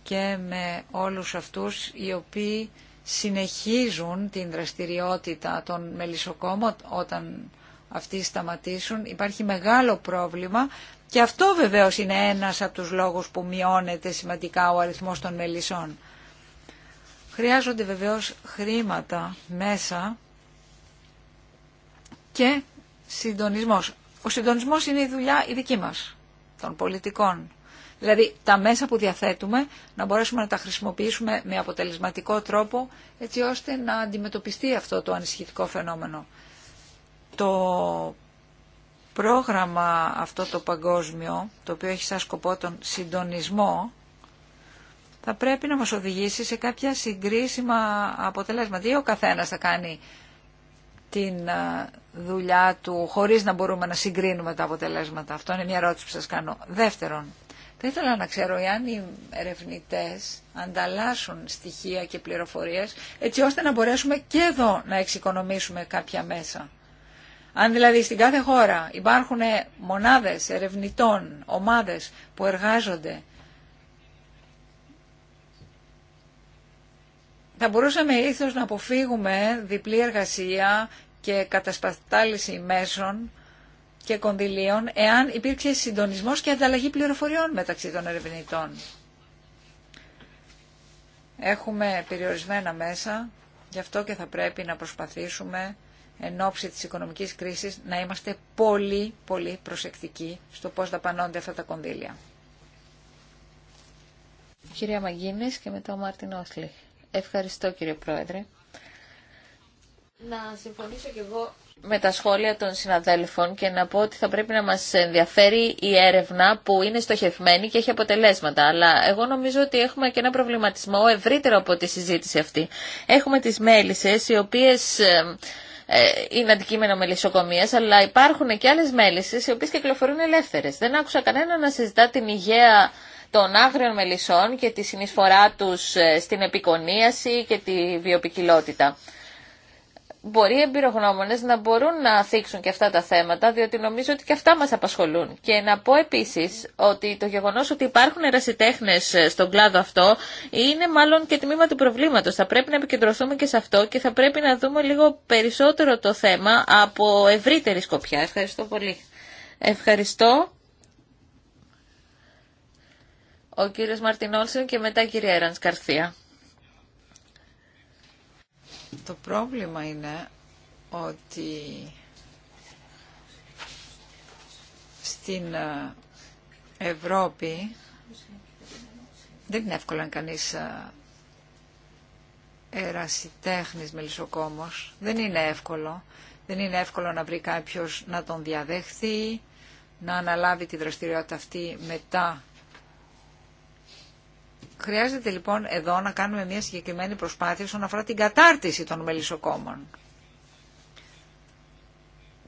και με όλους αυτούς οι οποίοι συνεχίζουν την δραστηριότητα των μελισσοκόμων όταν αυτοί σταματήσουν. Υπάρχει μεγάλο πρόβλημα και αυτό βεβαίως είναι ένας από τους λόγους που μειώνεται σημαντικά ο αριθμός των μελισσών. Χρειάζονται βεβαίως χρήματα μέσα και συντονισμός. Ο συντονισμός είναι η δουλειά η δική μας, των πολιτικών. Δηλαδή τα μέσα που διαθέτουμε να μπορέσουμε να τα χρησιμοποιήσουμε με αποτελεσματικό τρόπο έτσι ώστε να αντιμετωπιστεί αυτό το ανησυχητικό φαινόμενο. Το πρόγραμμα αυτό το παγκόσμιο, το οποίο έχει σαν σκοπό τον συντονισμό, θα πρέπει να μας οδηγήσει σε κάποια συγκρίσιμα αποτελέσματα. Ή ο καθένας θα κάνει την ε, δουλειά του χωρίς να μπορούμε να συγκρίνουμε τα αποτελέσματα. Αυτό είναι μια ερώτηση που σας κάνω. Δεύτερον, θα ήθελα να ξέρω εάν οι ερευνητέ ανταλλάσσουν στοιχεία και πληροφορίες έτσι ώστε να μπορέσουμε και εδώ να εξοικονομήσουμε κάποια μέσα. Αν δηλαδή στην κάθε χώρα υπάρχουν μονάδες ερευνητών, ομάδες που εργάζονται, θα μπορούσαμε ίσως να αποφύγουμε διπλή εργασία και κατασπατάληση μέσων και κονδυλίων εάν υπήρξε συντονισμός και ανταλλαγή πληροφοριών μεταξύ των ερευνητών. Έχουμε περιορισμένα μέσα, γι' αυτό και θα πρέπει να προσπαθήσουμε εν ώψη της οικονομικής κρίσης να είμαστε πολύ πολύ προσεκτικοί στο πώς δαπανώνται αυτά τα κονδύλια. Κυρία Μαγκίνης και μετά ο Μάρτιν Όσλιχ. Ευχαριστώ κύριε Πρόεδρε. Να συμφωνήσω και εγώ με τα σχόλια των συναδέλφων και να πω ότι θα πρέπει να μας ενδιαφέρει η έρευνα που είναι στοχευμένη και έχει αποτελέσματα. Αλλά εγώ νομίζω ότι έχουμε και ένα προβληματισμό ευρύτερο από τη συζήτηση αυτή. Έχουμε τις μέλισσες οι οποίες ε, ε, είναι αντικείμενο μελισσοκομεία, αλλά υπάρχουν και άλλε μέλισσε οι οποίε κυκλοφορούν ελεύθερε. Δεν άκουσα κανένα να συζητά την υγεία των άγριων μελισσών και τη συνεισφορά τους ε, στην επικονίαση και τη βιοπικιλότητα μπορεί οι εμπειρογνώμονες να μπορούν να θίξουν και αυτά τα θέματα, διότι νομίζω ότι και αυτά μας απασχολούν. Και να πω επίσης ότι το γεγονός ότι υπάρχουν ερασιτέχνες στον κλάδο αυτό είναι μάλλον και τμήμα του προβλήματος. Θα πρέπει να επικεντρωθούμε και σε αυτό και θα πρέπει να δούμε λίγο περισσότερο το θέμα από ευρύτερη σκοπιά. Ευχαριστώ πολύ. Ευχαριστώ. Ο κύριος Μαρτινόλσεν και μετά η κυρία Έρανς Καρθία. Το πρόβλημα είναι ότι στην ε, Ευρώπη δεν είναι εύκολο να κανείς ε, ερασιτέχνης με Δεν είναι εύκολο. Δεν είναι εύκολο να βρει κάποιος να τον διαδεχθεί, να αναλάβει τη δραστηριότητα αυτή μετά Χρειάζεται λοιπόν εδώ να κάνουμε μια συγκεκριμένη προσπάθεια όσον αφορά την κατάρτιση των μελισσοκόμων.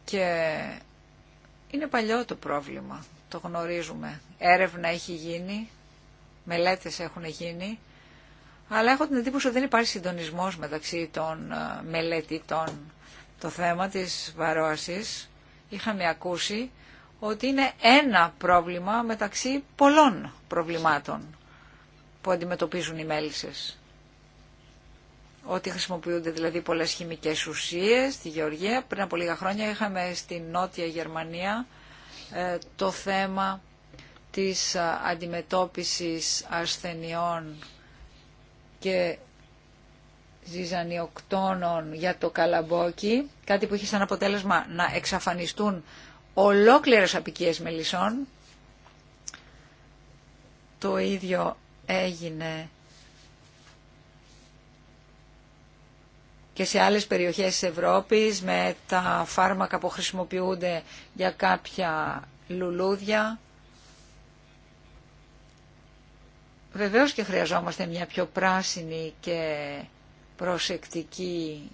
Και είναι παλιό το πρόβλημα, το γνωρίζουμε. Έρευνα έχει γίνει, μελέτες έχουν γίνει, αλλά έχω την εντύπωση ότι δεν υπάρχει συντονισμός μεταξύ των ε, μελετητών. Το θέμα της βαρόασης είχαμε ακούσει ότι είναι ένα πρόβλημα μεταξύ πολλών προβλημάτων που αντιμετωπίζουν οι μέλισσες. Ότι χρησιμοποιούνται δηλαδή πολλές χημικές ουσίες στη Γεωργία. Πριν από λίγα χρόνια είχαμε στη Νότια Γερμανία ε, το θέμα της ε, αντιμετώπισης ασθενειών και ζυζανιοκτώνων για το καλαμπόκι, κάτι που είχε σαν αποτέλεσμα να εξαφανιστούν ολόκληρες απικίες μελισσών. Το ίδιο έγινε και σε άλλες περιοχές της Ευρώπης με τα φάρμακα που χρησιμοποιούνται για κάποια λουλούδια. Βεβαίως και χρειαζόμαστε μια πιο πράσινη και προσεκτική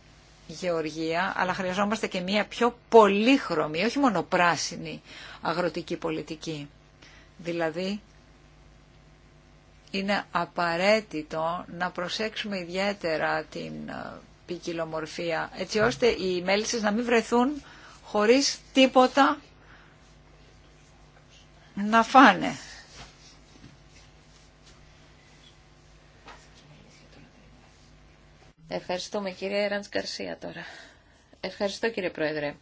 γεωργία, αλλά χρειαζόμαστε και μια πιο πολύχρωμη, όχι μόνο πράσινη αγροτική πολιτική. Δηλαδή είναι απαραίτητο να προσέξουμε ιδιαίτερα την ε, ποικιλομορφία, έτσι ώστε οι μέλισσες να μην βρεθούν χωρίς τίποτα να φάνε. Ευχαριστούμε κύριε Ραντς Καρσία τώρα. Ευχαριστώ κύριε Πρόεδρε.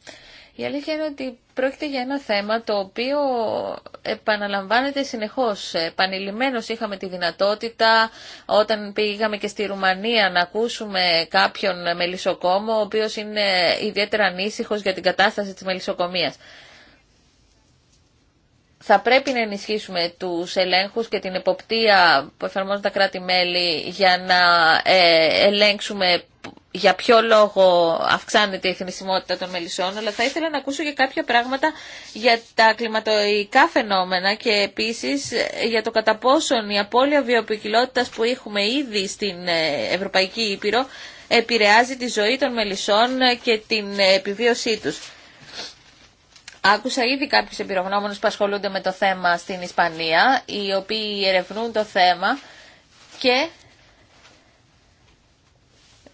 Η αλήθεια είναι ότι πρόκειται για ένα θέμα το οποίο επαναλαμβάνεται συνεχώς. Επανειλημμένως είχαμε τη δυνατότητα όταν πήγαμε και στη Ρουμανία να ακούσουμε κάποιον μελισσοκόμο ο οποίος είναι ιδιαίτερα ανήσυχος για την κατάσταση της μελισσοκομίας. Θα πρέπει να ενισχύσουμε τους ελέγχους και την εποπτεία που εφαρμόζουν τα κράτη-μέλη για να ε, ελέγξουμε για ποιο λόγο αυξάνεται η θνησιμότητα των μελισσών, αλλά θα ήθελα να ακούσω και κάποια πράγματα για τα κλιματοϊκά φαινόμενα και επίσης για το κατά πόσον η απώλεια βιοποικιλότητας που έχουμε ήδη στην ε, Ευρωπαϊκή Ήπειρο επηρεάζει τη ζωή των μελισσών και την ε, επιβίωσή τους. Άκουσα ήδη κάποιους εμπειρογνώμονες που ασχολούνται με το θέμα στην Ισπανία, οι οποίοι ερευνούν το θέμα και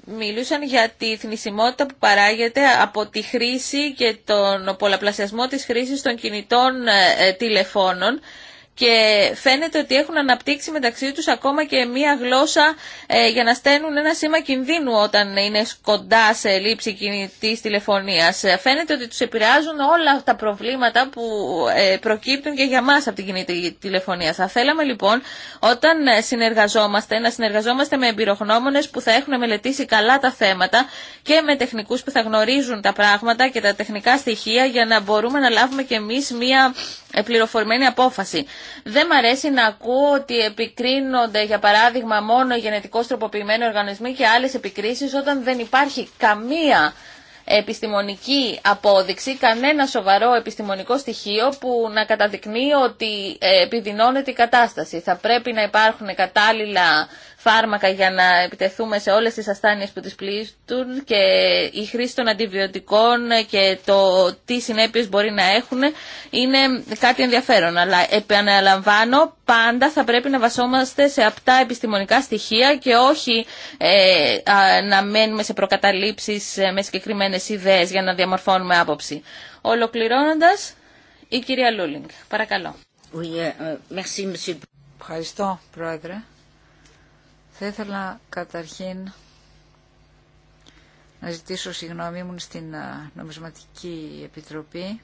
μιλούσαν για τη θνησιμότητα που παράγεται από τη χρήση και τον πολλαπλασιασμό της χρήσης των κινητών ε, τηλεφώνων και φαίνεται ότι έχουν αναπτύξει μεταξύ τους ακόμα και μία γλώσσα ε, για να στέλνουν ένα σήμα κινδύνου όταν είναι κοντά σε λήψη κινητής τηλεφωνίας. Ε, φαίνεται ότι τους επηρεάζουν όλα τα προβλήματα που ε, προκύπτουν και για μας από την κινητή τηλεφωνία. Θα θέλαμε λοιπόν όταν συνεργαζόμαστε να συνεργαζόμαστε με εμπειρογνώμονες που θα έχουν μελετήσει καλά τα θέματα και με τεχνικούς που θα γνωρίζουν τα πράγματα και τα τεχνικά στοιχεία για να μπορούμε να λάβουμε και εμείς μία πληροφορημένη απόφαση. Δεν μ' αρέσει να ακούω ότι επικρίνονται, για παράδειγμα, μόνο οι γενετικώς τροποποιημένοι οργανισμοί και άλλες επικρίσεις όταν δεν υπάρχει καμία επιστημονική απόδειξη, κανένα σοβαρό επιστημονικό στοιχείο που να καταδεικνύει ότι ε, επιδεινώνεται η κατάσταση. Θα πρέπει να υπάρχουν κατάλληλα φάρμακα για να επιτεθούμε σε όλες τις ασθάνειες που τις πλήττουν και η χρήση των αντιβιωτικών και το τι συνέπειες μπορεί να έχουν είναι κάτι ενδιαφέρον. Αλλά επαναλαμβάνω, πάντα θα πρέπει να βασόμαστε σε απτά επιστημονικά στοιχεία και όχι ε, να μένουμε σε προκαταλήψεις ε, με συγκεκριμένες ιδέες για να διαμορφώνουμε άποψη. Ολοκληρώνοντας, η κυρία Λούλινγκ. Παρακαλώ. Euh, Ευχαριστώ, Πρόεδρε. Θα ήθελα καταρχήν να ζητήσω συγγνώμη μου στην Νομισματική Επιτροπή.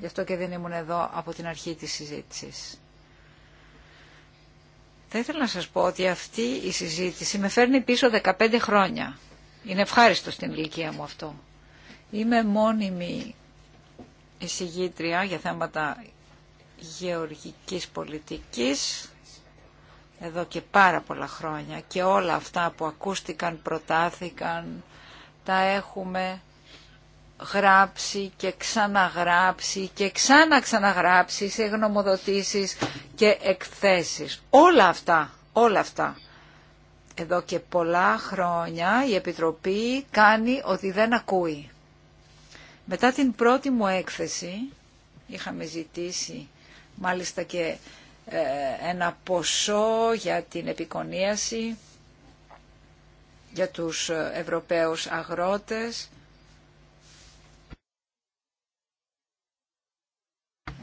Γι' αυτό και δεν ήμουν εδώ από την αρχή της συζήτησης. Θα ήθελα να σας πω ότι αυτή η συζήτηση με φέρνει πίσω 15 χρόνια. Είναι ευχάριστο στην ηλικία μου αυτό. Είμαι μόνιμη εισηγήτρια για θέματα γεωργικής πολιτικής εδώ και πάρα πολλά χρόνια και όλα αυτά που ακούστηκαν, προτάθηκαν, τα έχουμε γράψει και ξαναγράψει και ξαναξαναγράψει σε γνωμοδοτήσεις και εκθέσεις. Όλα αυτά, όλα αυτά. Εδώ και πολλά χρόνια η Επιτροπή κάνει ότι δεν ακούει. Μετά την πρώτη μου έκθεση είχαμε ζητήσει μάλιστα και ε, ένα ποσό για την επικονίαση για τους Ευρωπαίους αγρότες.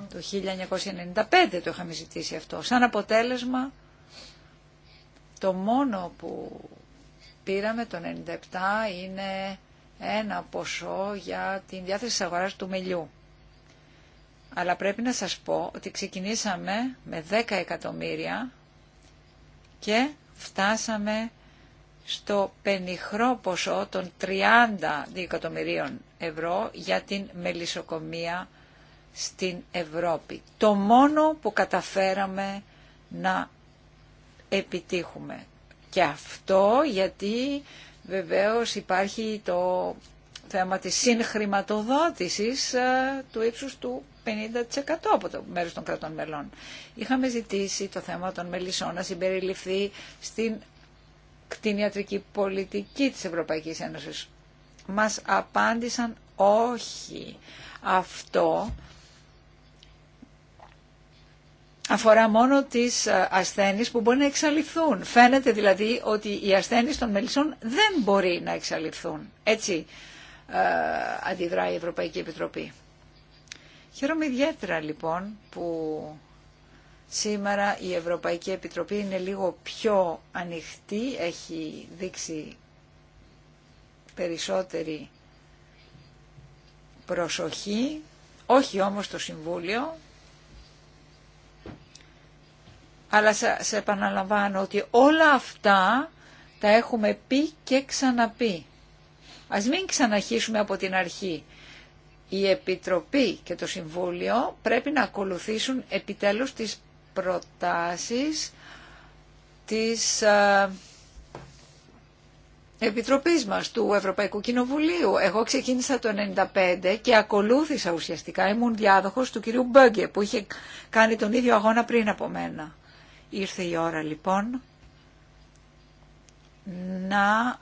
Το 1995 το είχαμε ζητήσει αυτό. Σαν αποτέλεσμα, το μόνο που πήραμε το 1997 είναι ένα ποσό για την διάθεση της αγοράς του μελιού αλλά πρέπει να σας πω ότι ξεκινήσαμε με 10 εκατομμύρια και φτάσαμε στο πενιχρό ποσό των 30 δικατομμυρίων ευρώ για την μελισσοκομεία στην Ευρώπη. Το μόνο που καταφέραμε να επιτύχουμε. Και αυτό γιατί βεβαίως υπάρχει το θέμα της συγχρηματοδότησης ε, του ύψους του 50% από το μέρος των κρατών μελών. Είχαμε ζητήσει το θέμα των μελισσών να συμπεριληφθεί στην κτηνιατρική πολιτική της Ευρωπαϊκής Ένωσης. Μας απάντησαν όχι. Αυτό αφορά μόνο τις ε, ασθένειες που μπορεί να εξαλειφθούν. Φαίνεται δηλαδή ότι οι ασθένειες των μελισσών δεν μπορεί να εξαλειφθούν. Έτσι ε, αντιδράει η Ευρωπαϊκή Επιτροπή. Χαίρομαι ιδιαίτερα λοιπόν που σήμερα η Ευρωπαϊκή Επιτροπή είναι λίγο πιο ανοιχτή, έχει δείξει περισσότερη προσοχή, όχι όμως το Συμβούλιο, αλλά σε επαναλαμβάνω ότι όλα αυτά τα έχουμε πει και ξαναπεί. Ας μην ξαναρχίσουμε από την αρχή η Επιτροπή και το Συμβούλιο πρέπει να ακολουθήσουν επιτέλους τις προτάσεις της ε, Επιτροπής μας, του Ευρωπαϊκού Κοινοβουλίου. Εγώ ξεκίνησα το 1995 και ακολούθησα ουσιαστικά, ήμουν διάδοχος του κυρίου Μπέγκε που είχε κάνει τον ίδιο αγώνα πριν από μένα. Ήρθε η ώρα λοιπόν να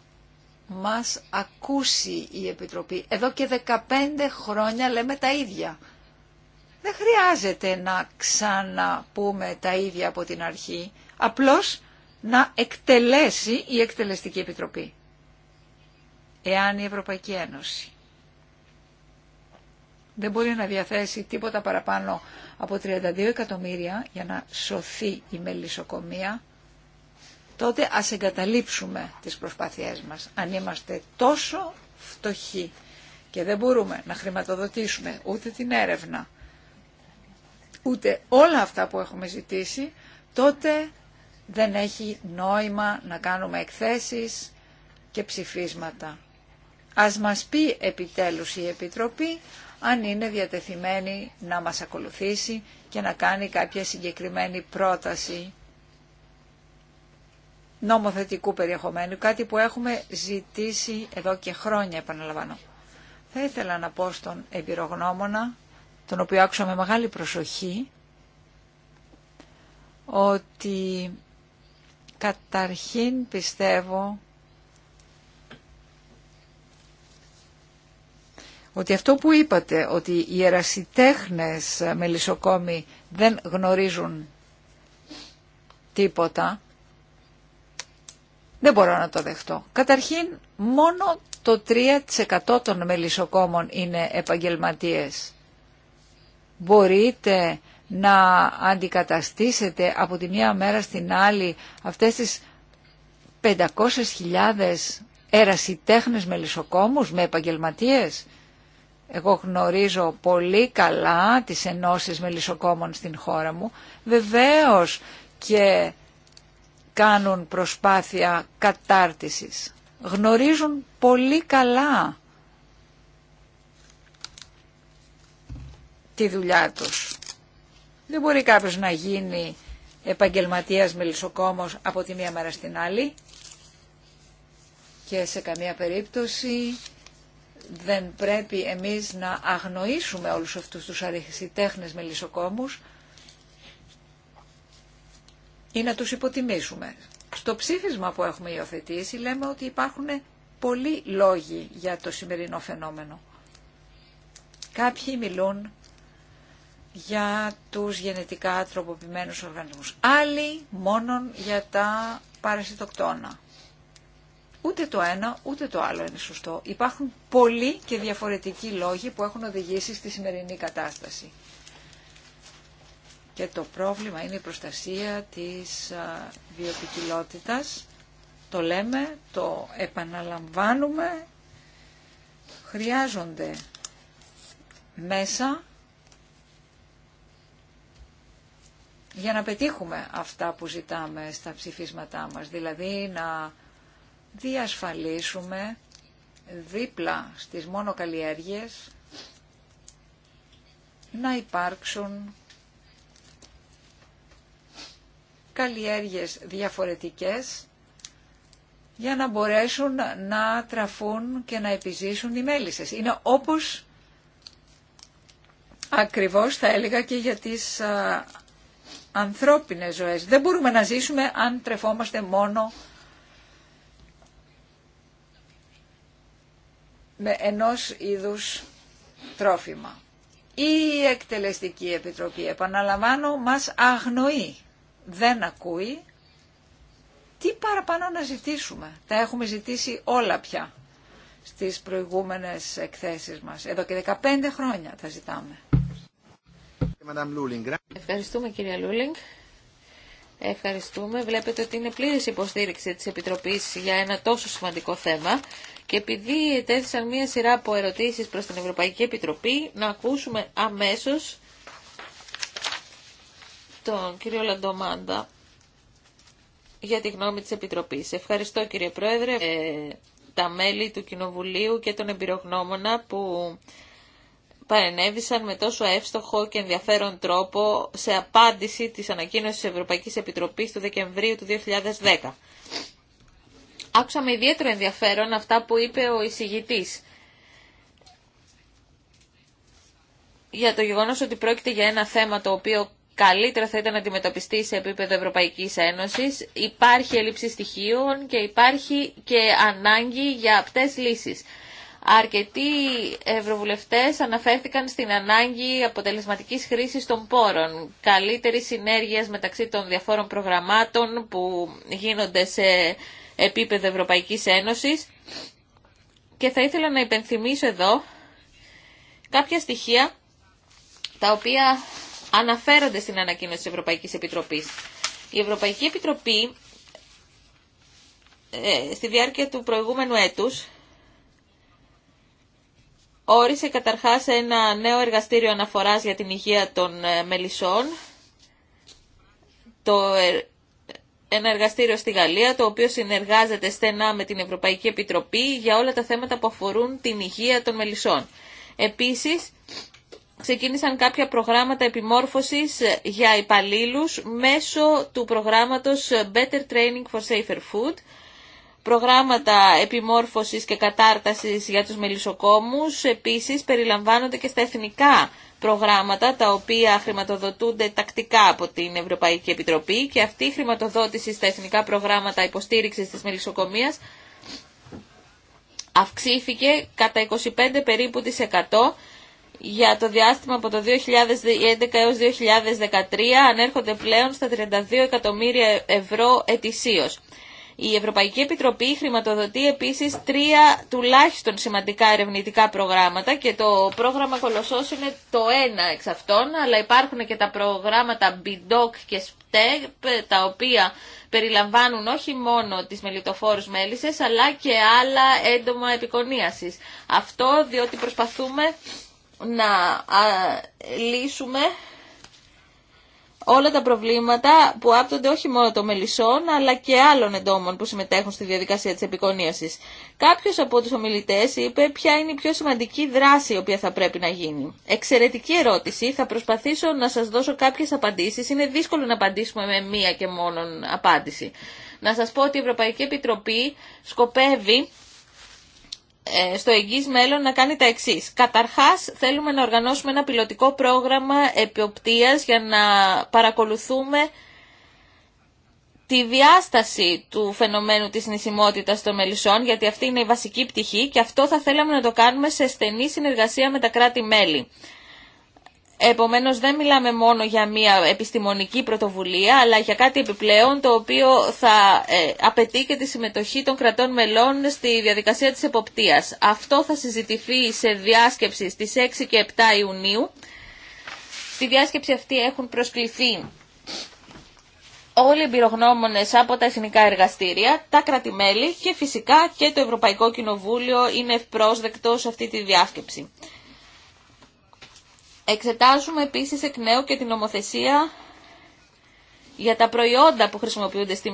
μας ακούσει η Επιτροπή. Εδώ και 15 χρόνια λέμε τα ίδια. Δεν χρειάζεται να ξαναπούμε τα ίδια από την αρχή, απλώς να εκτελέσει η Εκτελεστική Επιτροπή. Εάν η Ευρωπαϊκή Ένωση δεν μπορεί να διαθέσει τίποτα παραπάνω από 32 εκατομμύρια για να σωθεί η μελισσοκομεία, τότε ας εγκαταλείψουμε τις προσπάθειές μας. Αν είμαστε τόσο φτωχοί και δεν μπορούμε να χρηματοδοτήσουμε ούτε την έρευνα, ούτε όλα αυτά που έχουμε ζητήσει, τότε δεν έχει νόημα να κάνουμε εκθέσεις και ψηφίσματα. Ας μας πει επιτέλους η Επιτροπή αν είναι διατεθειμένη να μας ακολουθήσει και να κάνει κάποια συγκεκριμένη πρόταση νομοθετικού περιεχομένου, κάτι που έχουμε ζητήσει εδώ και χρόνια, επαναλαμβάνω. Θα ήθελα να πω στον εμπειρογνώμονα, τον οποίο άκουσα με μεγάλη προσοχή, ότι καταρχήν πιστεύω ότι αυτό που είπατε, ότι οι ερασιτέχνες μελισσοκόμοι δεν γνωρίζουν τίποτα, δεν μπορώ να το δεχτώ. Καταρχήν, μόνο το 3% των μελισσοκόμων είναι επαγγελματίες. Μπορείτε να αντικαταστήσετε από τη μία μέρα στην άλλη αυτές τις 500.000 ερασιτέχνες μελισσοκόμους με επαγγελματίες. Εγώ γνωρίζω πολύ καλά τις ενώσεις μελισσοκόμων στην χώρα μου. Βεβαίως και κάνουν προσπάθεια κατάρτισης. Γνωρίζουν πολύ καλά τη δουλειά τους. Δεν μπορεί κάποιος να γίνει επαγγελματίας μελισσοκόμος από τη μία μέρα στην άλλη και σε καμία περίπτωση δεν πρέπει εμείς να αγνοήσουμε όλους αυτούς τους τέχνες μελισσοκόμους ή να τους υποτιμήσουμε. Στο ψήφισμα που έχουμε υιοθετήσει λέμε ότι υπάρχουν πολλοί λόγοι για το σημερινό φαινόμενο. Κάποιοι μιλούν για τους γενετικά τροποποιημένους οργανισμούς. Άλλοι μόνον για τα παρασιτοκτόνα. Ούτε το ένα, ούτε το άλλο είναι σωστό. Υπάρχουν πολλοί και διαφορετικοί λόγοι που έχουν οδηγήσει στη σημερινή κατάσταση και το πρόβλημα είναι η προστασία της βιοποικιλότητας. Το λέμε, το επαναλαμβάνουμε, χρειάζονται μέσα για να πετύχουμε αυτά που ζητάμε στα ψηφίσματά μας, δηλαδή να διασφαλίσουμε δίπλα στις μόνο να υπάρξουν καλλιέργειες διαφορετικές για να μπορέσουν να τραφούν και να επιζήσουν οι μέλισσες. Είναι όπως ακριβώς θα έλεγα και για τις ανθρώπινες ζωές. Δεν μπορούμε να ζήσουμε αν τρεφόμαστε μόνο με ενός είδους τρόφιμα. Η Εκτελεστική Επιτροπή, επαναλαμβάνω, μας αγνοεί δεν ακούει, τι παραπάνω να ζητήσουμε. Τα έχουμε ζητήσει όλα πια στις προηγούμενες εκθέσεις μας. Εδώ και 15 χρόνια τα ζητάμε. Ευχαριστούμε κυρία Λούλινγκ. Ευχαριστούμε. Βλέπετε ότι είναι πλήρης υποστήριξη της Επιτροπής για ένα τόσο σημαντικό θέμα. Και επειδή ετέθησαν μία σειρά από ερωτήσεις προς την Ευρωπαϊκή Επιτροπή, να ακούσουμε αμέσως τον κύριο Λαντομάντα για τη γνώμη της Επιτροπής. Ευχαριστώ κύριε Πρόεδρε, ε, τα μέλη του Κοινοβουλίου και τον εμπειρογνώμονα που παρενέβησαν με τόσο εύστοχο και ενδιαφέρον τρόπο σε απάντηση της ανακοίνωσης της Ευρωπαϊκής Επιτροπής του Δεκεμβρίου του 2010. Άκουσα με ιδιαίτερο ενδιαφέρον αυτά που είπε ο εισηγητής για το γεγονός ότι πρόκειται για ένα θέμα το οποίο καλύτερα θα ήταν να αντιμετωπιστεί σε επίπεδο Ευρωπαϊκής Ένωσης. Υπάρχει έλλειψη στοιχείων και υπάρχει και ανάγκη για απτές λύσεις. Αρκετοί ευρωβουλευτές αναφέρθηκαν στην ανάγκη αποτελεσματικής χρήσης των πόρων, καλύτερη συνέργειας μεταξύ των διαφόρων προγραμμάτων που γίνονται σε επίπεδο Ευρωπαϊκής Ένωσης και θα ήθελα να υπενθυμίσω εδώ κάποια στοιχεία τα οποία αναφέρονται στην ανακοίνωση της Ευρωπαϊκής Επιτροπής. Η Ευρωπαϊκή Επιτροπή ε, στη διάρκεια του προηγούμενου έτους όρισε καταρχάς ένα νέο εργαστήριο αναφοράς για την υγεία των ε, μελισσών, το, ε, ένα εργαστήριο στη Γαλλία, το οποίο συνεργάζεται στενά με την Ευρωπαϊκή Επιτροπή για όλα τα θέματα που αφορούν την υγεία των μελισσών. Επίσης, ξεκίνησαν κάποια προγράμματα επιμόρφωσης για υπαλλήλους μέσω του προγράμματος Better Training for Safer Food, προγράμματα επιμόρφωσης και κατάρτασης για τους μελισσοκόμους, επίσης περιλαμβάνονται και στα εθνικά προγράμματα τα οποία χρηματοδοτούνται τακτικά από την Ευρωπαϊκή Επιτροπή και αυτή η χρηματοδότηση στα εθνικά προγράμματα υποστήριξης της μελισσοκομείας αυξήθηκε κατά 25 περίπου 100 για το διάστημα από το 2011 έως 2013 ανέρχονται πλέον στα 32 εκατομμύρια ευρώ ετησίως. Η Ευρωπαϊκή Επιτροπή χρηματοδοτεί επίσης τρία τουλάχιστον σημαντικά ερευνητικά προγράμματα και το πρόγραμμα Κολοσσός είναι το ένα εξ αυτών, αλλά υπάρχουν και τα προγράμματα BIDOC και STEP, τα οποία περιλαμβάνουν όχι μόνο τις μελιτοφόρους μέλισσες, αλλά και άλλα έντομα επικονίασης. Αυτό διότι προσπαθούμε να λύσουμε όλα τα προβλήματα που άπτονται όχι μόνο των μελισσών αλλά και άλλων εντόμων που συμμετέχουν στη διαδικασία της επικονίασης. Κάποιος από τους ομιλητές είπε ποια είναι η πιο σημαντική δράση η οποία θα πρέπει να γίνει. Εξαιρετική ερώτηση, θα προσπαθήσω να σας δώσω κάποιες απαντήσεις. Είναι δύσκολο να απαντήσουμε με μία και μόνο απάντηση. Να σας πω ότι η Ευρωπαϊκή Επιτροπή σκοπεύει ε, στο εγγύς μέλλον να κάνει τα εξή. Καταρχάς θέλουμε να οργανώσουμε ένα πιλωτικό πρόγραμμα επιοπτείας για να παρακολουθούμε τη διάσταση του φαινομένου της νησιμότητας των μελισσών, γιατί αυτή είναι η βασική πτυχή και αυτό θα θέλαμε να το κάνουμε σε στενή συνεργασία με τα κράτη-μέλη. Επομένως δεν μιλάμε μόνο για μια επιστημονική πρωτοβουλία, αλλά για κάτι επιπλέον το οποίο θα ε, απαιτεί και τη συμμετοχή των κρατών μελών στη διαδικασία της εποπτείας. Αυτό θα συζητηθεί σε διάσκεψη στις 6 και 7 Ιουνίου. Στη διάσκεψη αυτή έχουν προσκληθεί όλοι οι εμπειρογνώμονες από τα εθνικά εργαστήρια, τα κρατημέλη και φυσικά και το Ευρωπαϊκό Κοινοβούλιο είναι ευπρόσδεκτο σε αυτή τη διάσκεψη. Εξετάζουμε επίσης εκ νέου και την νομοθεσία για τα προϊόντα που χρησιμοποιούνται στη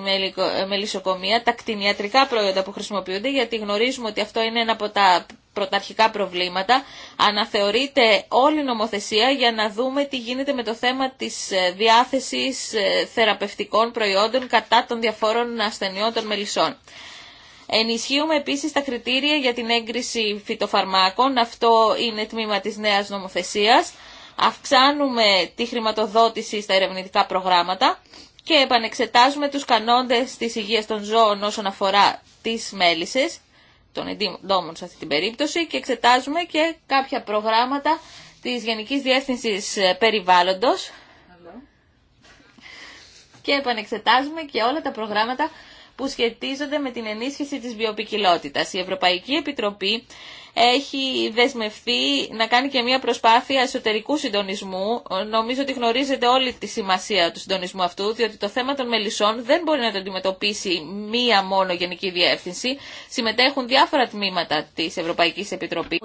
ε, μελισσοκομεία, τα κτηνιατρικά προϊόντα που χρησιμοποιούνται, γιατί γνωρίζουμε ότι αυτό είναι ένα από τα πρωταρχικά προβλήματα. Αναθεωρείται όλη η νομοθεσία για να δούμε τι γίνεται με το θέμα της ε, διάθεσης ε, θεραπευτικών προϊόντων κατά των διαφόρων ασθενειών των μελισσών. Ενισχύουμε επίσης τα κριτήρια για την έγκριση φυτοφαρμάκων. Αυτό είναι τμήμα της νέας νομοθεσίας. Αυξάνουμε τη χρηματοδότηση στα ερευνητικά προγράμματα και επανεξετάζουμε τους κανόντες της υγείας των ζώων όσον αφορά τις μέλισσες, των εντόμων σε αυτή την περίπτωση, και εξετάζουμε και κάποια προγράμματα της Γενικής Διεύθυνσης Περιβάλλοντος και επανεξετάζουμε και όλα τα προγράμματα που σχετίζονται με την ενίσχυση της βιοπικιλότητας. Η Ευρωπαϊκή Επιτροπή έχει δεσμευτεί να κάνει και μια προσπάθεια εσωτερικού συντονισμού. Νομίζω ότι γνωρίζετε όλη τη σημασία του συντονισμού αυτού, διότι το θέμα των μελισσών δεν μπορεί να το αντιμετωπίσει μία μόνο γενική διεύθυνση. Συμμετέχουν διάφορα τμήματα της Ευρωπαϊκής Επιτροπής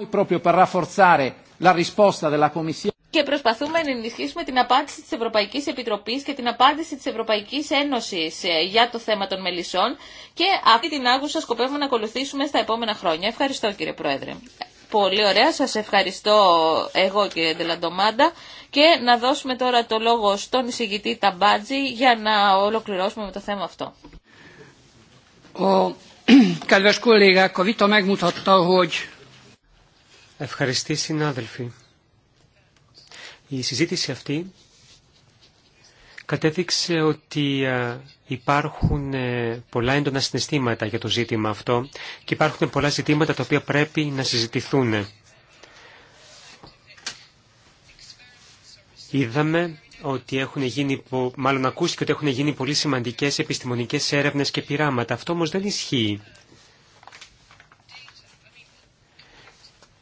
και προσπαθούμε να ενισχύσουμε την απάντηση της Ευρωπαϊκής Επιτροπής και την απάντηση της Ευρωπαϊκής Ένωσης ε, για το θέμα των μελισσών και αυτή την άγουσα σκοπεύουμε να ακολουθήσουμε στα επόμενα χρόνια. Ευχαριστώ κύριε Πρόεδρε. Πολύ ωραία, σας ευχαριστώ εγώ κύριε Ντελαντομάντα και να δώσουμε τώρα το λόγο στον εισηγητή Ταμπάτζη για να ολοκληρώσουμε με το θέμα αυτό. Ο... Ευχαριστή συνάδελφοι. Η συζήτηση αυτή κατέδειξε ότι ε, υπάρχουν ε, πολλά έντονα συναισθήματα για το ζήτημα αυτό και υπάρχουν πολλά ζητήματα τα οποία πρέπει να συζητηθούν. Είδαμε ότι έχουν γίνει, μάλλον ακούστηκε ότι έχουν γίνει πολύ σημαντικές επιστημονικές έρευνες και πειράματα. Αυτό όμως δεν ισχύει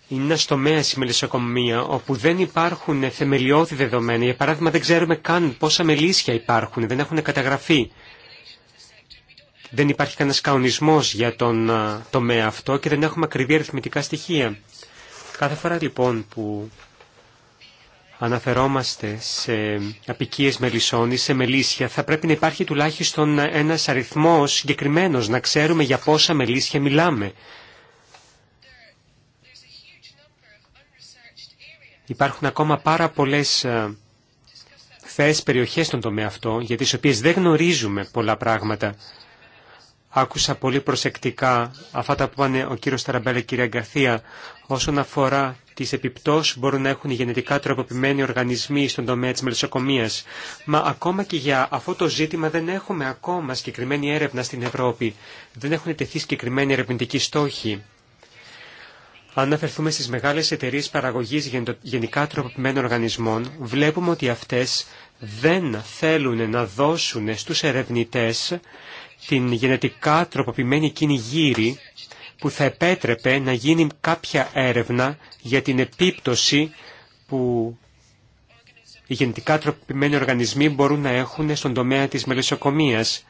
είναι ένα τομέα η μελισσοκομεία όπου δεν υπάρχουν θεμελιώδη δεδομένα. Για παράδειγμα, δεν ξέρουμε καν πόσα μελίσια υπάρχουν, δεν έχουν καταγραφεί. Δεν υπάρχει κανένα καονισμό για τον τομέα αυτό και δεν έχουμε ακριβή αριθμητικά στοιχεία. Κάθε φορά λοιπόν που αναφερόμαστε σε απικίες μελισσών ή σε μελίσια, θα πρέπει να υπάρχει τουλάχιστον ένας αριθμός συγκεκριμένος, να ξέρουμε για πόσα μελίσια μιλάμε. Υπάρχουν ακόμα πάρα πολλές ε, θέσει περιοχές στον τομέα αυτό, για τις οποίες δεν γνωρίζουμε πολλά πράγματα. Άκουσα πολύ προσεκτικά αυτά τα που πάνε ο κύριος Ταραμπέλα και η κυρία Γκαρθία όσον αφορά τις επιπτώσεις που μπορούν να έχουν οι γενετικά τροποποιημένοι οργανισμοί στον τομέα της μελισσοκομείας. Μα ακόμα και για αυτό το ζήτημα δεν έχουμε ακόμα συγκεκριμένη έρευνα στην Ευρώπη. Δεν έχουν τεθεί συγκεκριμένοι ερευνητικοί στόχοι. Αν αναφερθούμε στις μεγάλες εταιρείες παραγωγής γενικά τροποποιημένων οργανισμών, βλέπουμε ότι αυτές δεν θέλουν να δώσουν στους ερευνητές την γενετικά τροποποιημένη εκείνη που θα επέτρεπε να γίνει κάποια έρευνα για την επίπτωση που οι γενετικά τροποποιημένοι οργανισμοί μπορούν να έχουν στον τομέα της μελισσοκομείας.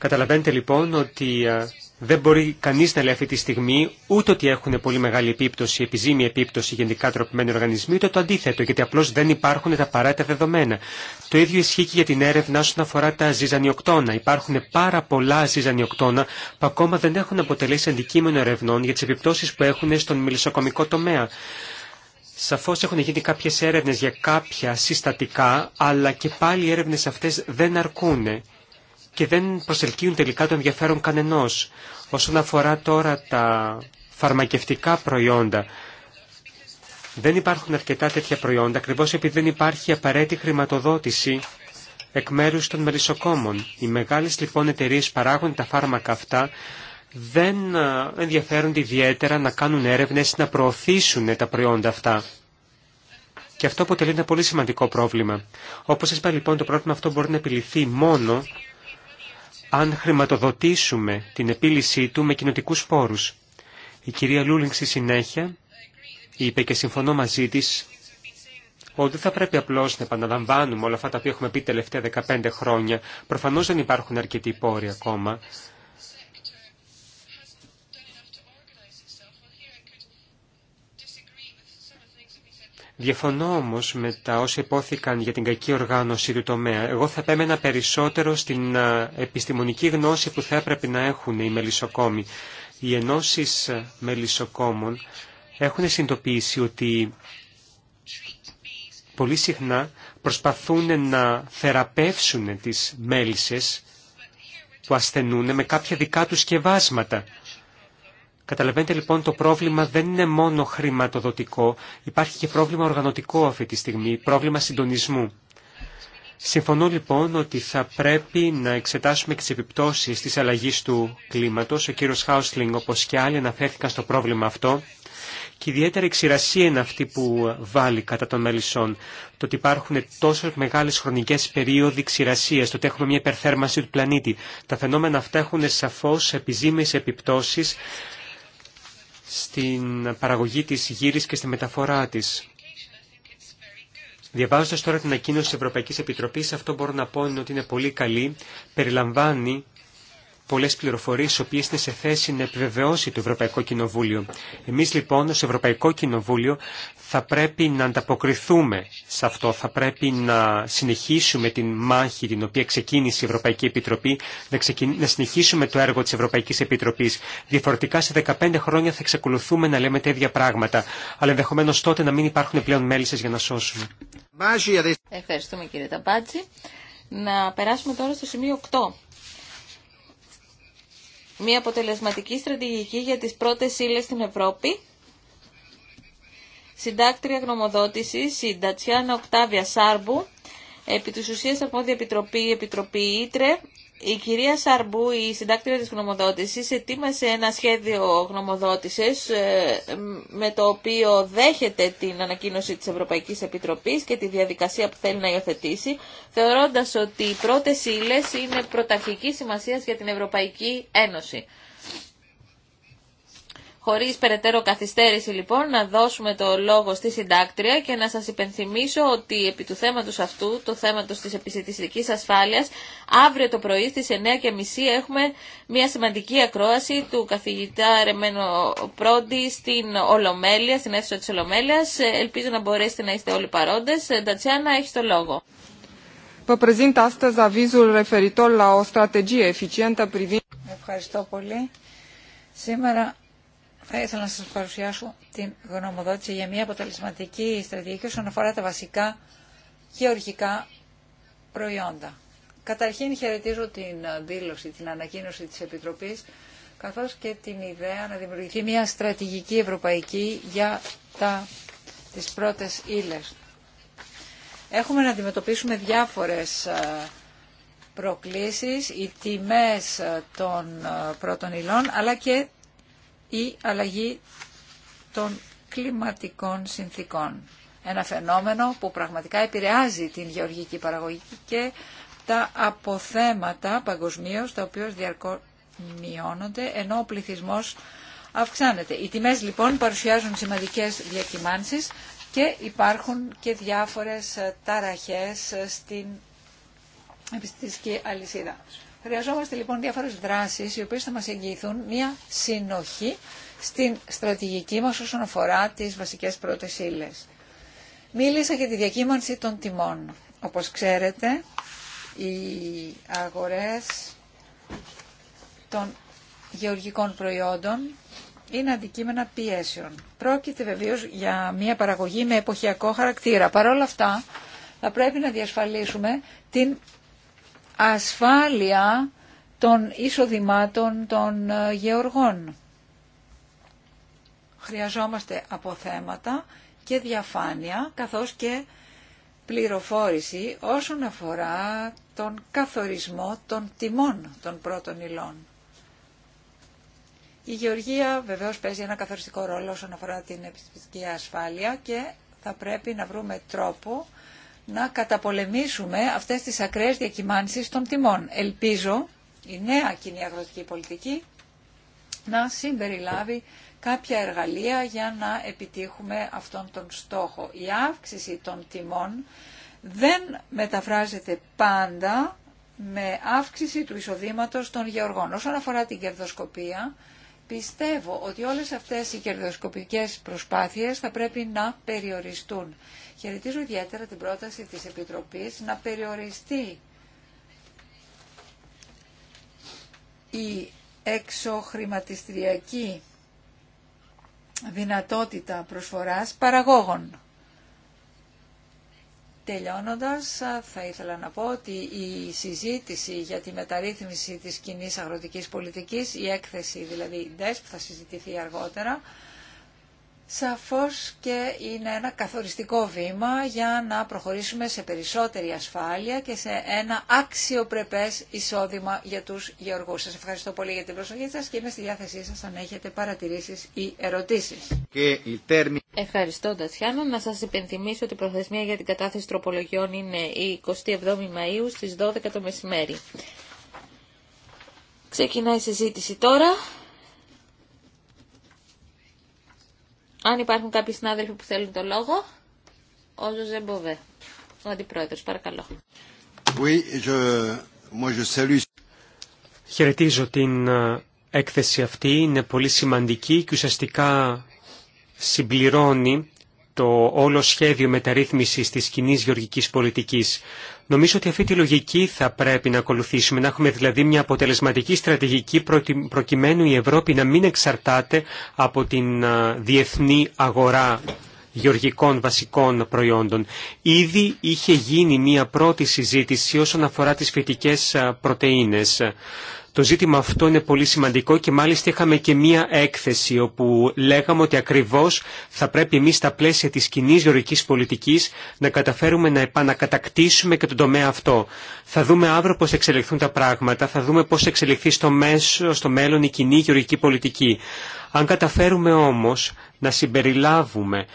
Καταλαβαίνετε λοιπόν ότι ε, δεν μπορεί κανεί να λέει αυτή τη στιγμή ούτε ότι έχουν πολύ μεγάλη επίπτωση, επιζήμια επίπτωση γενικά τροπημένοι οργανισμοί, ούτε το αντίθετο, γιατί απλώ δεν υπάρχουν τα παράτα δεδομένα. Το ίδιο ισχύει και για την έρευνα όσον αφορά τα ζυζανιοκτώνα. Υπάρχουν πάρα πολλά ζυζανιοκτώνα που ακόμα δεν έχουν αποτελέσει αντικείμενο ερευνών για τι επιπτώσει που έχουν στον μιλισσοκομικό τομέα. Σαφώ έχουν γίνει κάποιε έρευνε για κάποια συστατικά, αλλά και πάλι οι έρευνε αυτέ δεν αρκούν και δεν προσελκύουν τελικά το ενδιαφέρον κανενός. Όσον αφορά τώρα τα φαρμακευτικά προϊόντα, δεν υπάρχουν αρκετά τέτοια προϊόντα ακριβώ επειδή δεν υπάρχει απαραίτητη χρηματοδότηση εκ μέρους των μελισσοκόμων. Οι μεγάλες λοιπόν εταιρείε παράγουν τα φάρμακα αυτά δεν ενδιαφέρονται ιδιαίτερα να κάνουν έρευνες να προωθήσουν τα προϊόντα αυτά. Και αυτό αποτελεί ένα πολύ σημαντικό πρόβλημα. Όπως σας είπα λοιπόν το πρόβλημα αυτό μπορεί να επιληθεί μόνο αν χρηματοδοτήσουμε την επίλυσή του με κοινοτικού πόρου. Η κυρία Λούλινγκ στη συνέχεια είπε και συμφωνώ μαζί της ότι θα πρέπει απλώς να επαναλαμβάνουμε όλα αυτά τα οποία έχουμε πει τελευταία 15 χρόνια. Προφανώς δεν υπάρχουν αρκετοί πόροι ακόμα. Διαφωνώ όμως με τα όσα υπόθηκαν για την κακή οργάνωση του τομέα. Εγώ θα επέμενα περισσότερο στην επιστημονική γνώση που θα έπρεπε να έχουν οι μελισσοκόμοι. Οι ενώσει μελισσοκόμων έχουν συνειδητοποιήσει ότι πολύ συχνά προσπαθούν να θεραπεύσουν τις μέλισσες που ασθενούν με κάποια δικά τους σκευάσματα. Καταλαβαίνετε λοιπόν το πρόβλημα δεν είναι μόνο χρηματοδοτικό, υπάρχει και πρόβλημα οργανωτικό αυτή τη στιγμή, πρόβλημα συντονισμού. Συμφωνώ λοιπόν ότι θα πρέπει να εξετάσουμε και τις επιπτώσεις της αλλαγής του κλίματος. Ο κύριος Χάουσλινγκ όπως και άλλοι αναφέρθηκαν στο πρόβλημα αυτό. Και ιδιαίτερα η ξηρασία είναι αυτή που βάλει κατά των μέλισσών. Το ότι υπάρχουν τόσο μεγάλες χρονικές περίοδοι ξηρασίας, το ότι έχουμε μια υπερθέρμανση του πλανήτη. Τα φαινόμενα αυτά έχουν σαφώς επιζήμιες επιπτώσεις στην παραγωγή της γύρης και στη μεταφορά της. Διαβάζοντας τώρα την ανακοίνωση της Ευρωπαϊκή Επιτροπή, αυτό μπορώ να πω είναι ότι είναι πολύ καλή. Περιλαμβάνει πολλές πληροφορίες οι οποίες είναι σε θέση να επιβεβαιώσει το Ευρωπαϊκό Κοινοβούλιο. Εμείς λοιπόν ως Ευρωπαϊκό Κοινοβούλιο θα πρέπει να ανταποκριθούμε σε αυτό, θα πρέπει να συνεχίσουμε την μάχη την οποία ξεκίνησε η Ευρωπαϊκή Επιτροπή, να, συνεχίσουμε το έργο της Ευρωπαϊκής Επιτροπής. Διαφορετικά σε 15 χρόνια θα εξακολουθούμε να λέμε τέτοια πράγματα, αλλά ενδεχομένω τότε να μην υπάρχουν πλέον μέλισσες για να σώσουμε. Ευχαριστούμε κύριε Ταμπάτζη. Να περάσουμε τώρα στο σημείο 8 μια αποτελεσματική στρατηγική για τις πρώτες ύλες στην Ευρώπη. Συντάκτρια γνωμοδότησης, η Ντατσιάνα Οκτάβια Σάρμπου, επί της ουσίας αρμόδια επιτροπή, επιτροπή Ήτρε, η κυρία Σαρμπού, η συντάκτρια της γνωμοδότησης, ετοίμασε ένα σχέδιο γνωμοδότησης ε, με το οποίο δέχεται την ανακοίνωση της Ευρωπαϊκής Επιτροπής και τη διαδικασία που θέλει να υιοθετήσει, θεωρώντας ότι οι πρώτες ύλε είναι πρωταρχική σημασίας για την Ευρωπαϊκή Ένωση. Χωρίς περαιτέρω καθυστέρηση λοιπόν να δώσουμε το λόγο στη συντάκτρια και να σας υπενθυμίσω ότι επί του θέματος αυτού, το θέμα της επιστημιστικής ασφάλειας, αύριο το πρωί στις 9.30 έχουμε μια σημαντική ακρόαση του καθηγητά Ρεμένο Πρόντι στην Ολομέλεια, στην αίθουσα τη Ολομέλειας. Ε, ελπίζω να μπορέσετε να είστε όλοι παρόντες. Ε, Τατσιάνα, έχει το λόγο. Ευχαριστώ πολύ. Σήμερα θα ήθελα να σας παρουσιάσω την γνωμοδότηση για μια αποτελεσματική στρατηγική όσον αφορά τα βασικά γεωργικά προϊόντα. Καταρχήν χαιρετίζω την δήλωση, την ανακοίνωση της Επιτροπής, καθώς και την ιδέα να δημιουργηθεί μια στρατηγική ευρωπαϊκή για τα, τις πρώτες ύλες. Έχουμε να αντιμετωπίσουμε διάφορες ε, προκλήσεις, οι τιμές ε, των ε, πρώτων υλών, αλλά και η αλλαγή των κλιματικών συνθήκων. Ένα φαινόμενο που πραγματικά επηρεάζει την γεωργική παραγωγή και τα αποθέματα παγκοσμίω, τα οποία διαρκώ μειώνονται, ενώ ο πληθυσμό αυξάνεται. Οι τιμές λοιπόν παρουσιάζουν σημαντικέ διακυμάνσει και υπάρχουν και διάφορες ταραχές στην επιστημική αλυσίδα. Χρειαζόμαστε λοιπόν διάφορε δράσει οι οποίες θα μας εγγυηθούν μια συνοχή στην στρατηγική μας όσον αφορά τι βασικές πρώτε ύλε. Μίλησα για τη διακύμανση των τιμών. Όπως ξέρετε, οι αγορές των γεωργικών προϊόντων είναι αντικείμενα πιέσεων. Πρόκειται βεβαίως για μια παραγωγή με εποχιακό χαρακτήρα. Παρ' όλα αυτά, θα πρέπει να διασφαλίσουμε την ασφάλεια των εισοδημάτων των ε, γεωργών. Χρειαζόμαστε αποθέματα και διαφάνεια, καθώς και πληροφόρηση όσον αφορά τον καθορισμό των τιμών των πρώτων υλών. Η γεωργία βεβαίως παίζει ένα καθοριστικό ρόλο όσον αφορά την επιστημιστική ασφάλεια και θα πρέπει να βρούμε τρόπο να καταπολεμήσουμε αυτές τις ακραίες διακυμάνσεις των τιμών. Ελπίζω η νέα κοινή αγροτική πολιτική να συμπεριλάβει κάποια εργαλεία για να επιτύχουμε αυτόν τον στόχο. Η αύξηση των τιμών δεν μεταφράζεται πάντα με αύξηση του εισοδήματος των γεωργών. Όσον αφορά την κερδοσκοπία, πιστεύω ότι όλες αυτές οι κερδοσκοπικές προσπάθειες θα πρέπει να περιοριστούν. Χαιρετίζω ιδιαίτερα την πρόταση της Επιτροπής να περιοριστεί η εξοχρηματιστριακή δυνατότητα προσφοράς παραγόγων. Τελειώνοντας, θα ήθελα να πω ότι η συζήτηση για τη μεταρρύθμιση της κοινή αγροτικής πολιτικής, η έκθεση δηλαδή DES θα συζητηθεί αργότερα, σαφώς και είναι ένα καθοριστικό βήμα για να προχωρήσουμε σε περισσότερη ασφάλεια και σε ένα αξιοπρεπές εισόδημα για τους γεωργούς. Σας ευχαριστώ πολύ για την προσοχή σας και είμαι στη διάθεσή σας αν έχετε παρατηρήσεις ή ερωτήσεις. Και η τέρμη... Ευχαριστώ Τασιάνο. Να σας υπενθυμίσω ότι η προθεσμία για την κατάθεση τροπολογιών είναι η 27η Μαΐου στις 12 το μεσημέρι. Ξεκινάει η συζήτηση τώρα. Αν υπάρχουν κάποιοι συνάδελφοι που θέλουν το λόγο, ο Ζωζέ Μποβέ, ο Αντιπρόεδρος, παρακαλώ. Oui, je... Moi, je salue... Χαιρετίζω την ε, έκθεση αυτή, είναι πολύ σημαντική και ουσιαστικά συμπληρώνει το όλο σχέδιο μεταρρύθμισης της κοινή γεωργικής πολιτικής. Νομίζω ότι αυτή τη λογική θα πρέπει να ακολουθήσουμε, να έχουμε δηλαδή μια αποτελεσματική στρατηγική προκειμένου η Ευρώπη να μην εξαρτάται από την διεθνή αγορά γεωργικών βασικών προϊόντων. Ήδη είχε γίνει μια πρώτη συζήτηση όσον αφορά τις φυτικές πρωτεΐνες. Το ζήτημα αυτό είναι πολύ σημαντικό και μάλιστα είχαμε και μία έκθεση όπου λέγαμε ότι ακριβώς θα πρέπει εμείς στα πλαίσια της κοινή γεωρικής πολιτικής να καταφέρουμε να επανακατακτήσουμε και τον τομέα αυτό. Θα δούμε αύριο πώς εξελιχθούν τα πράγματα, θα δούμε πώς εξελιχθεί στο, μέσο, στο μέλλον η κοινή γεωρική πολιτική. Αν καταφέρουμε όμως να συμπεριλάβουμε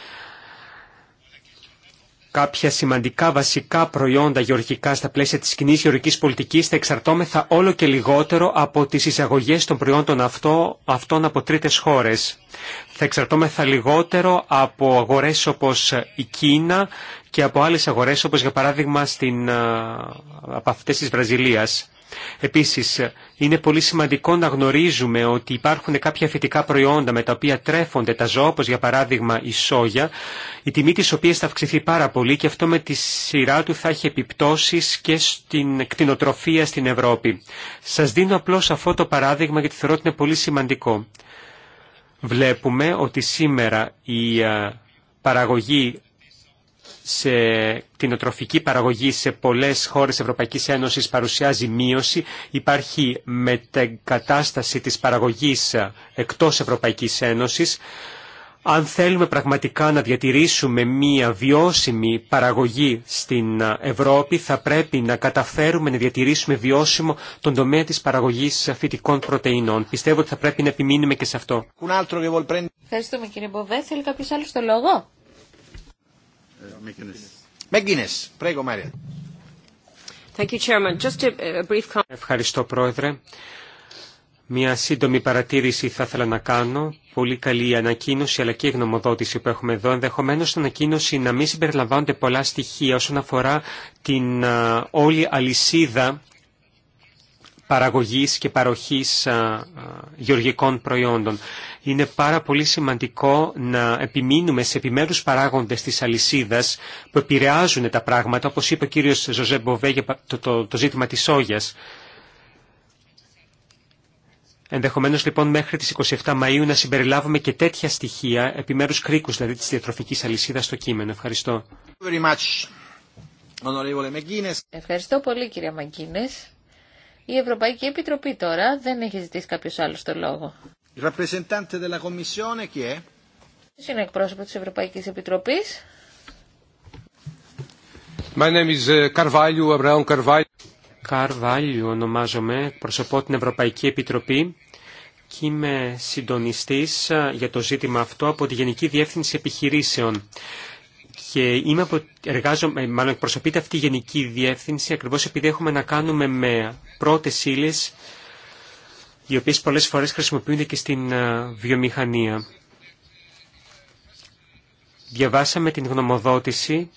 κάποια σημαντικά βασικά προϊόντα γεωργικά στα πλαίσια της κοινή γεωργικής πολιτικής θα εξαρτώμεθα όλο και λιγότερο από τις εισαγωγές των προϊόντων αυτό, αυτών από τρίτες χώρες. Θα εξαρτώμεθα λιγότερο από αγορές όπως η Κίνα και από άλλες αγορές όπως για παράδειγμα στην, από αυτές της Βραζιλίας. Επίσης, είναι πολύ σημαντικό να γνωρίζουμε ότι υπάρχουν κάποια φυτικά προϊόντα με τα οποία τρέφονται τα ζώα, όπως για παράδειγμα η σόγια, η τιμή της οποίας θα αυξηθεί πάρα πολύ και αυτό με τη σειρά του θα έχει επιπτώσεις και στην κτηνοτροφία στην Ευρώπη. Σας δίνω απλώς αυτό το παράδειγμα γιατί θεωρώ ότι είναι πολύ σημαντικό. Βλέπουμε ότι σήμερα η ε, παραγωγή σε την οτροφική παραγωγή σε πολλές χώρες Ευρωπαϊκής Ένωσης παρουσιάζει μείωση. Υπάρχει μετεγκατάσταση της παραγωγής εκτός Ευρωπαϊκής Ένωσης. Αν θέλουμε πραγματικά να διατηρήσουμε μία βιώσιμη παραγωγή στην Ευρώπη, θα πρέπει να καταφέρουμε να διατηρήσουμε βιώσιμο τον τομέα της παραγωγής φυτικών πρωτεϊνών. Πιστεύω ότι θα πρέπει να επιμείνουμε και σε αυτό. Ευχαριστούμε κύριε Μποβέ. Θέλει κάποιος άλλος το λόγο. Ευχαριστώ, Πρόεδρε. Μια σύντομη παρατήρηση θα ήθελα να κάνω. Πολύ καλή ανακοίνωση αλλά και η γνωμοδότηση που έχουμε εδώ. Ενδεχομένως η ανακοίνωση να μην συμπεριλαμβάνονται πολλά στοιχεία όσον αφορά την όλη αλυσίδα παραγωγής και παροχής γεωργικών προϊόντων. Είναι πάρα πολύ σημαντικό να επιμείνουμε σε επιμέρους παράγοντες της αλυσίδας που επηρεάζουν τα πράγματα, όπως είπε ο κύριος Ζωζέ Μποβέ για το, το, ζήτημα της σόγιας. Ενδεχομένως λοιπόν μέχρι τις 27 Μαΐου να συμπεριλάβουμε και τέτοια στοιχεία, επιμέρους κρίκους δηλαδή της διατροφικής αλυσίδας στο κείμενο. Ευχαριστώ. Ευχαριστώ πολύ κύριε Μαγκίνες. Η Ευρωπαϊκή Επιτροπή τώρα δεν έχει ζητήσει κάποιο άλλο το λόγο. Ποιο είναι εκπρόσωπο τη Ευρωπαϊκή Επιτροπή. My name is ε, Carvalho, Abraham Carvalho. Carvalho ονομάζομαι, προσωπώ την Ευρωπαϊκή Επιτροπή και είμαι συντονιστής ε, για το ζήτημα αυτό από τη Γενική Διεύθυνση Επιχειρήσεων και είμαι απο... εργάζομαι, ε, μάλλον εκπροσωπείται αυτή η γενική διεύθυνση ακριβώς επειδή έχουμε να κάνουμε με πρώτες ύλε οι οποίες πολλές φορές χρησιμοποιούνται και στην ε, βιομηχανία. Διαβάσαμε την γνωμοδότηση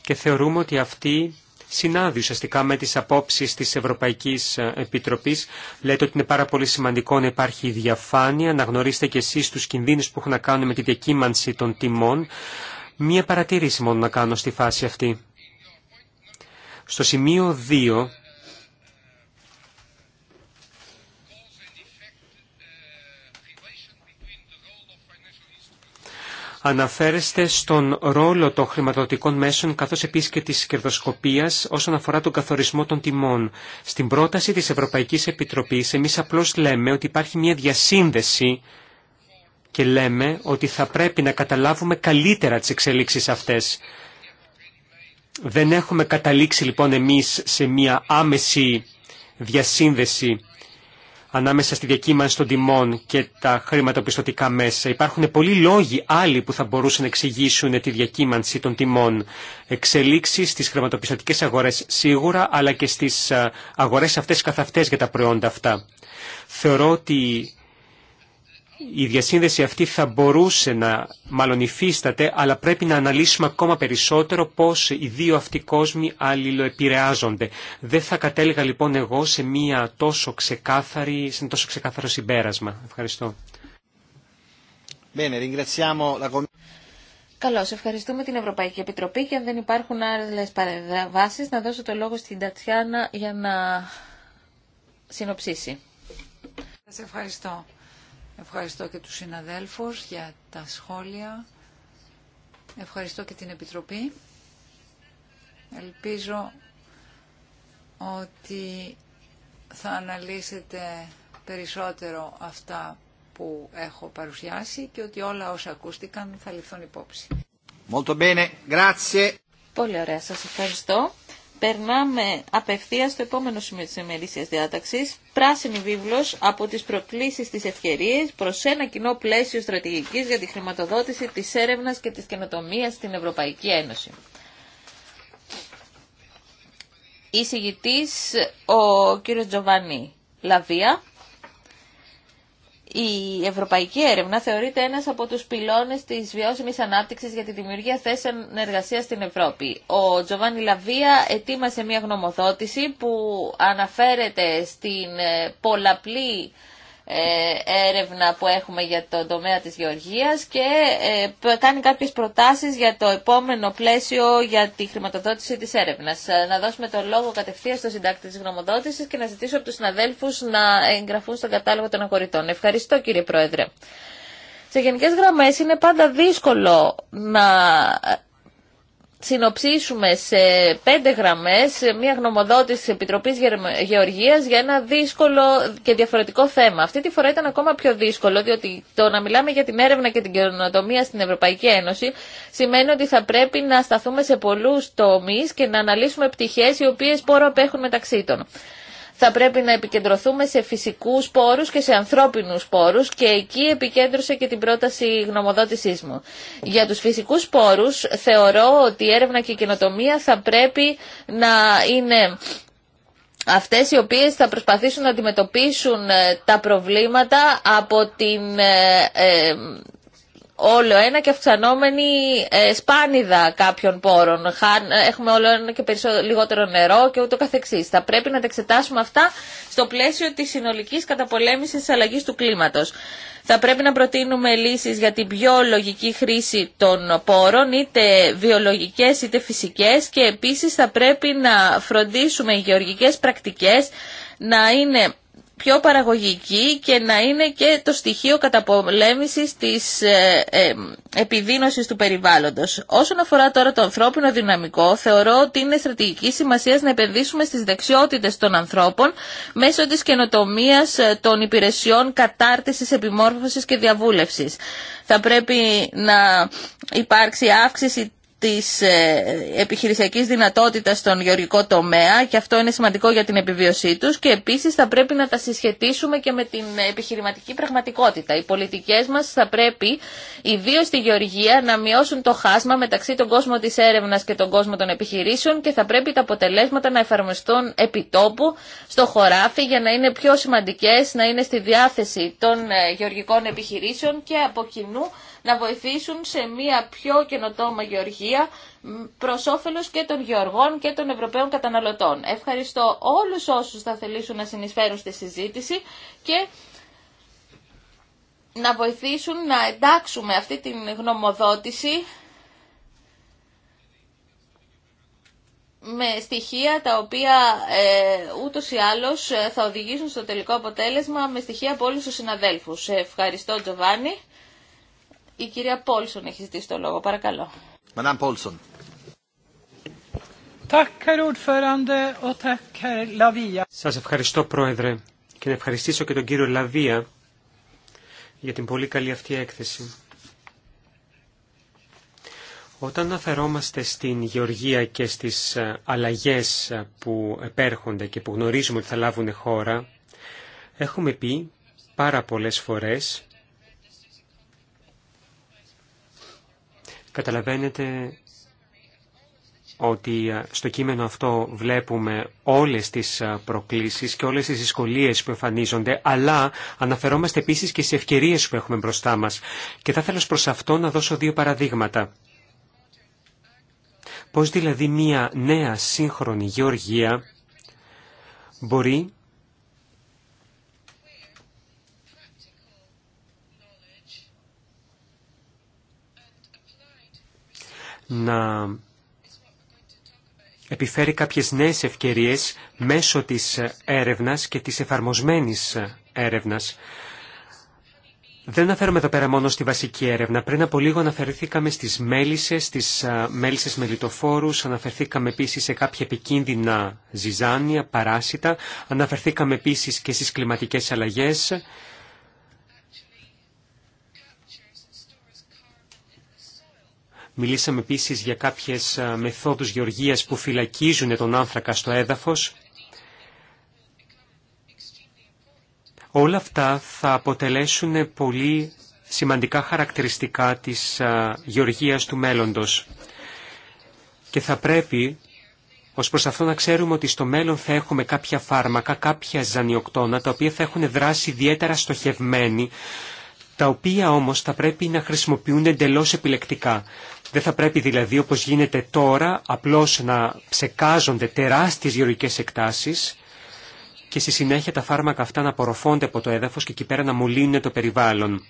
και θεωρούμε ότι αυτή συνάδει ουσιαστικά με τις απόψεις της Ευρωπαϊκής ε, Επιτροπής. Λέτε ότι είναι πάρα πολύ σημαντικό να υπάρχει διαφάνεια, να γνωρίσετε και εσείς τους κινδύνους που έχουν να κάνουν με τη διακύμανση των τιμών. Μία παρατήρηση μόνο να κάνω στη φάση αυτή. Στο σημείο 2 αναφέρεστε στον ρόλο των χρηματοδοτικών μέσων καθώς επίσης και της κερδοσκοπίας όσον αφορά τον καθορισμό των τιμών. Στην πρόταση της Ευρωπαϊκής Επιτροπής εμείς απλώς λέμε ότι υπάρχει μια διασύνδεση και λέμε ότι θα πρέπει να καταλάβουμε καλύτερα τις εξελίξεις αυτές. Δεν έχουμε καταλήξει λοιπόν εμείς σε μια άμεση διασύνδεση ανάμεσα στη διακύμανση των τιμών και τα χρηματοπιστωτικά μέσα. Υπάρχουν πολλοί λόγοι άλλοι που θα μπορούσαν να εξηγήσουν τη διακύμανση των τιμών. Εξελίξεις στις χρηματοπιστωτικές αγορές σίγουρα, αλλά και στις ε, αγορές αυτές καθ' αυτές για τα προϊόντα αυτά. Θεωρώ ότι η διασύνδεση αυτή θα μπορούσε να μάλλον υφίσταται, αλλά πρέπει να αναλύσουμε ακόμα περισσότερο πώς οι δύο αυτοί κόσμοι αλληλοεπηρεάζονται. Δεν θα κατέληγα λοιπόν εγώ σε, μια τόσο ξεκάθαρη, σε ένα τόσο ξεκάθαρο συμπέρασμα. Ευχαριστώ. Καλώ. Ευχαριστούμε την Ευρωπαϊκή Επιτροπή και αν δεν υπάρχουν άλλε παρεμβάσει, να δώσω το λόγο στην Τατσιάνα για να συνοψίσει. Σα ευχαριστώ. Ευχαριστώ και τους συναδέλφους για τα σχόλια. Ευχαριστώ και την Επιτροπή. Ελπίζω ότι θα αναλύσετε περισσότερο αυτά που έχω παρουσιάσει και ότι όλα όσα ακούστηκαν θα ληφθούν υπόψη. Molto bene, grazie. Πολύ ωραία, σας ευχαριστώ. Περνάμε απευθείας στο επόμενο σημείο της διάταξης, πράσινη βίβλος από τις προκλήσεις της ευκαιρίες προς ένα κοινό πλαίσιο στρατηγικής για τη χρηματοδότηση της έρευνας και της καινοτομίας στην Ευρωπαϊκή Ένωση. Η Εισηγητής ο κύριος Τζοβάνι Λαβία η ευρωπαϊκή έρευνα θεωρείται ένας από τους πυλώνες της βιώσιμης ανάπτυξης για τη δημιουργία θέσεων εργασία στην Ευρώπη. Ο Τζοβάνι Λαβία ετοίμασε μια γνωμοδότηση που αναφέρεται στην ε, πολλαπλή ε, έρευνα που έχουμε για τον τομέα της γεωργίας και ε, κάνει κάποιες προτάσεις για το επόμενο πλαίσιο για τη χρηματοδότηση της έρευνας. Ε, να δώσουμε το λόγο κατευθείαν στο συντάκτη της γνωμοδότησης και να ζητήσω από τους συναδέλφους να εγγραφούν στον κατάλογο των αγορητών. Ευχαριστώ κύριε Πρόεδρε. Σε γενικές γραμμές είναι πάντα δύσκολο να συνοψίσουμε σε πέντε γραμμές μια γνωμοδότηση της Επιτροπής Γεωργίας για ένα δύσκολο και διαφορετικό θέμα. Αυτή τη φορά ήταν ακόμα πιο δύσκολο, διότι το να μιλάμε για την έρευνα και την καινοτομία στην Ευρωπαϊκή Ένωση σημαίνει ότι θα πρέπει να σταθούμε σε πολλούς τομείς και να αναλύσουμε πτυχές οι οποίες πόρο απέχουν μεταξύ των θα πρέπει να επικεντρωθούμε σε φυσικούς πόρους και σε ανθρώπινους πόρους και εκεί επικέντρωσε και την πρόταση γνωμοδότησής μου. Για τους φυσικούς πόρους θεωρώ ότι η έρευνα και η καινοτομία θα πρέπει να είναι αυτές οι οποίες θα προσπαθήσουν να αντιμετωπίσουν ε, τα προβλήματα από την ε, ε, όλο ένα και αυξανόμενη ε, σπάνιδα κάποιων πόρων. Ε, έχουμε όλο ένα και περισσότερο, λιγότερο νερό και ούτω καθεξής. Θα πρέπει να τα εξετάσουμε αυτά στο πλαίσιο της συνολικής καταπολέμησης της αλλαγής του κλίματος. Θα πρέπει να προτείνουμε λύσεις για την πιο λογική χρήση των πόρων, είτε βιολογικές είτε φυσικές και επίσης θα πρέπει να φροντίσουμε οι γεωργικές πρακτικές να είναι πιο παραγωγική και να είναι και το στοιχείο καταπολέμησης της ε, ε, επιδείνωσης του περιβάλλοντος. Όσον αφορά τώρα το ανθρώπινο δυναμικό, θεωρώ ότι είναι στρατηγική σημασία να επενδύσουμε στις δεξιότητες των ανθρώπων μέσω της καινοτομία ε, των υπηρεσιών κατάρτισης, επιμόρφωσης και διαβούλευσης. Θα πρέπει να υπάρξει αύξηση της ε, επιχειρησιακής δυνατότητας στον γεωργικό τομέα και αυτό είναι σημαντικό για την επιβίωσή τους και επίσης θα πρέπει να τα συσχετίσουμε και με την επιχειρηματική πραγματικότητα. Οι πολιτικές μας θα πρέπει, ιδίω στη γεωργία, να μειώσουν το χάσμα μεταξύ των κόσμων της έρευνας και των κόσμων των επιχειρήσεων και θα πρέπει τα αποτελέσματα να εφαρμοστούν επιτόπου στο χωράφι για να είναι πιο σημαντικές, να είναι στη διάθεση των ε, γεωργικών επιχειρήσεων και από κοινού να βοηθήσουν σε μια πιο καινοτόμα γεωργία προ όφελο και των γεωργών και των Ευρωπαίων καταναλωτών. Ευχαριστώ όλους όσους θα θελήσουν να συνεισφέρουν στη συζήτηση και να βοηθήσουν να εντάξουμε αυτή την γνωμοδότηση με στοιχεία τα οποία ε, ούτως ή άλλως ε, θα οδηγήσουν στο τελικό αποτέλεσμα με στοιχεία από όλους τους συναδέλφους. Ευχαριστώ Τζοβάνι. Η κυρία Πόλσον έχει ζητήσει το λόγο. Παρακαλώ. Madame Πόλσον. Σας ευχαριστώ Πρόεδρε και να ευχαριστήσω και τον κύριο Λαβία για την πολύ καλή αυτή έκθεση. Όταν αναφερόμαστε στην γεωργία και στις ε, αλλαγές ε, που επέρχονται και που γνωρίζουμε ότι θα λάβουν χώρα, έχουμε πει πάρα πολλές φορές Καταλαβαίνετε ότι ε, στο κείμενο αυτό βλέπουμε όλες τις ε, προκλήσεις και όλες τις δυσκολίες που εμφανίζονται, αλλά αναφερόμαστε επίσης και σε ευκαιρίες που έχουμε μπροστά μας. Και θα ήθελα προς αυτό να δώσω δύο παραδείγματα. Πώς δηλαδή μία νέα σύγχρονη γεωργία μπορεί να επιφέρει κάποιες νέες ευκαιρίες μέσω της έρευνας και της εφαρμοσμένης έρευνας. Δεν αναφέρομαι εδώ πέρα μόνο στη βασική έρευνα. Πριν από λίγο αναφερθήκαμε στις μέλισσες, στις μέλισσες μελιτοφόρους, αναφερθήκαμε επίσης σε κάποια επικίνδυνα ζυζάνια, παράσιτα, αναφερθήκαμε επίσης και στις κλιματικές αλλαγές Μιλήσαμε επίσης για κάποιες ε, μεθόδους γεωργίας που φυλακίζουν τον άνθρακα στο έδαφος. Όλα αυτά θα αποτελέσουν πολύ σημαντικά χαρακτηριστικά της ε, γεωργίας του μέλλοντος. Και θα πρέπει ως προς αυτό να ξέρουμε ότι στο μέλλον θα έχουμε κάποια φάρμακα, κάποια ζανιοκτώνα, τα οποία θα έχουν δράσει ιδιαίτερα στοχευμένη τα οποία όμως θα πρέπει να χρησιμοποιούν εντελώς επιλεκτικά. Δεν θα πρέπει δηλαδή όπως γίνεται τώρα απλώς να ψεκάζονται τεράστιες γεωργικές εκτάσεις και στη συνέχεια τα φάρμακα αυτά να απορροφώνται από το έδαφος και εκεί πέρα να μολύνουν το περιβάλλον.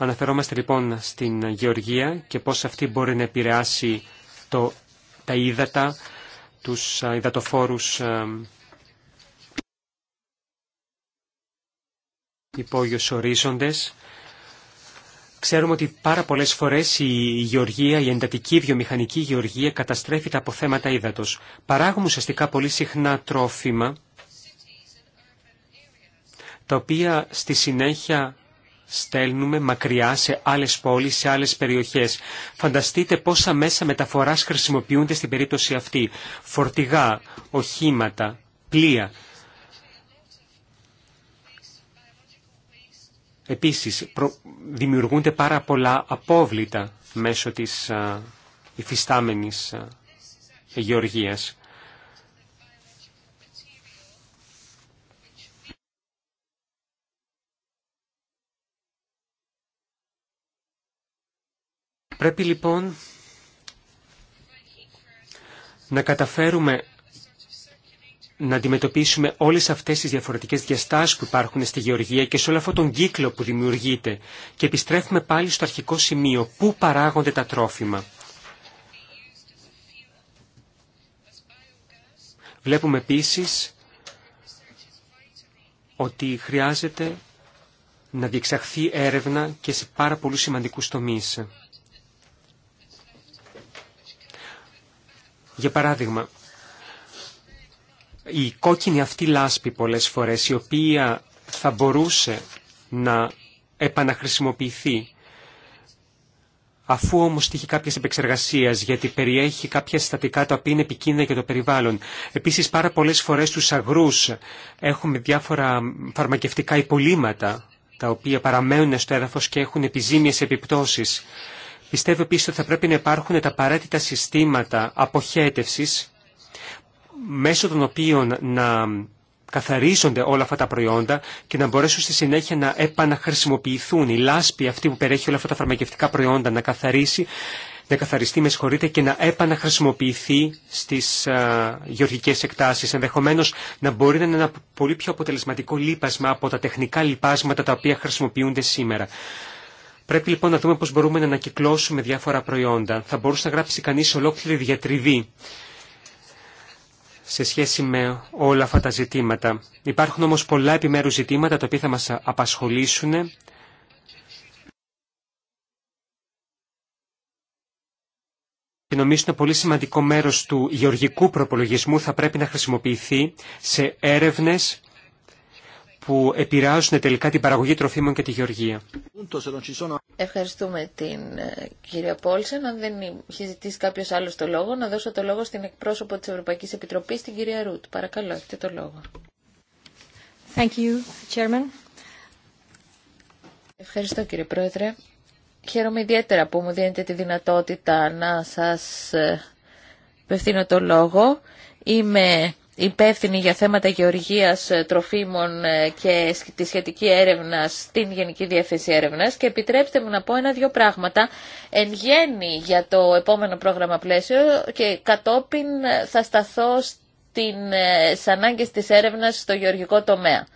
Αναφερόμαστε λοιπόν στην γεωργία και πώς αυτή μπορεί να επηρεάσει το, τα ύδατα, τους υδατοφόρους υπόγειους ορίζοντες. Ξέρουμε ότι πάρα πολλές φορές η γεωργία, η εντατική βιομηχανική γεωργία καταστρέφει τα θέματα ύδατος. Παράγουμε ουσιαστικά πολύ συχνά τρόφιμα, τα οποία στη συνέχεια στέλνουμε μακριά σε άλλες πόλεις, σε άλλες περιοχές. Φανταστείτε πόσα μέσα μεταφοράς χρησιμοποιούνται στην περίπτωση αυτή. Φορτηγά, οχήματα, πλοία. Επίσης, δημιουργούνται πάρα πολλά απόβλητα μέσω της α, υφιστάμενης Πρέπει λοιπόν να καταφέρουμε να αντιμετωπίσουμε όλες αυτές τις διαφορετικές διαστάσεις που υπάρχουν στη γεωργία και σε όλο αυτόν τον κύκλο που δημιουργείται και επιστρέφουμε πάλι στο αρχικό σημείο, πού παράγονται τα τρόφιμα. Βλέπουμε επίσης ότι χρειάζεται να διεξαχθεί έρευνα και σε πάρα πολλούς σημαντικούς τομείς. Για παράδειγμα, η κόκκινη αυτή λάσπη πολλές φορές, η οποία θα μπορούσε να επαναχρησιμοποιηθεί, αφού όμως τύχει κάποιες επεξεργασίες, γιατί περιέχει κάποια συστατικά τα οποία είναι επικίνδυνα για το περιβάλλον. Επίσης πάρα πολλές φορές τους αγρούς έχουμε διάφορα φαρμακευτικά υπολείμματα, τα οποία παραμένουν στο έδαφος και έχουν επιζήμιες επιπτώσεις. Πιστεύω επίσης ότι θα πρέπει να υπάρχουν τα απαραίτητα συστήματα αποχέτευσης μέσω των οποίων να καθαρίζονται όλα αυτά τα προϊόντα και να μπορέσουν στη συνέχεια να επαναχρησιμοποιηθούν. Η λάσπη αυτή που περιέχει όλα αυτά τα φαρμακευτικά προϊόντα να καθαρίσει, να καθαριστεί, με συγχωρείτε, και να επαναχρησιμοποιηθεί στις α, γεωργικές εκτάσεις. Ενδεχομένως να μπορεί να είναι ένα πολύ πιο αποτελεσματικό λίπασμα από τα τεχνικά λιπάσματα τα οποία χρησιμοποιούνται σήμερα. Πρέπει λοιπόν να δούμε πώς μπορούμε να ανακυκλώσουμε διάφορα προϊόντα. Θα μπορούσε να γράψει κανείς ολόκληρη διατριβή σε σχέση με όλα αυτά τα ζητήματα. Υπάρχουν όμως πολλά επιμέρους ζητήματα τα οποία θα μας απασχολήσουν. Και νομίζω ένα πολύ σημαντικό μέρος του γεωργικού προπολογισμού θα πρέπει να χρησιμοποιηθεί σε έρευνες που επηρεάζουν τελικά την παραγωγή τροφίμων και τη γεωργία. Ευχαριστούμε την ε, κυρία Πόλσεν. Αν δεν έχει ζητήσει κάποιο άλλο το λόγο, να δώσω το λόγο στην εκπρόσωπο τη Ευρωπαϊκή Επιτροπή, την κυρία Ρουτ. Παρακαλώ, έχετε το λόγο. Thank you, Ευχαριστώ κύριε Πρόεδρε. Χαίρομαι ιδιαίτερα που μου δίνετε τη δυνατότητα να σας ε, απευθύνω το λόγο. Είμαι υπεύθυνη για θέματα γεωργίας ε, τροφίμων ε, και τη σχετική έρευνα στην Γενική Διεύθυνση Έρευνας και επιτρέψτε μου να πω ένα-δυο πράγματα εν γέννη για το επόμενο πρόγραμμα πλαίσιο και κατόπιν ε, θα σταθώ στις ανάγκε της έρευνας στο γεωργικό τομέα.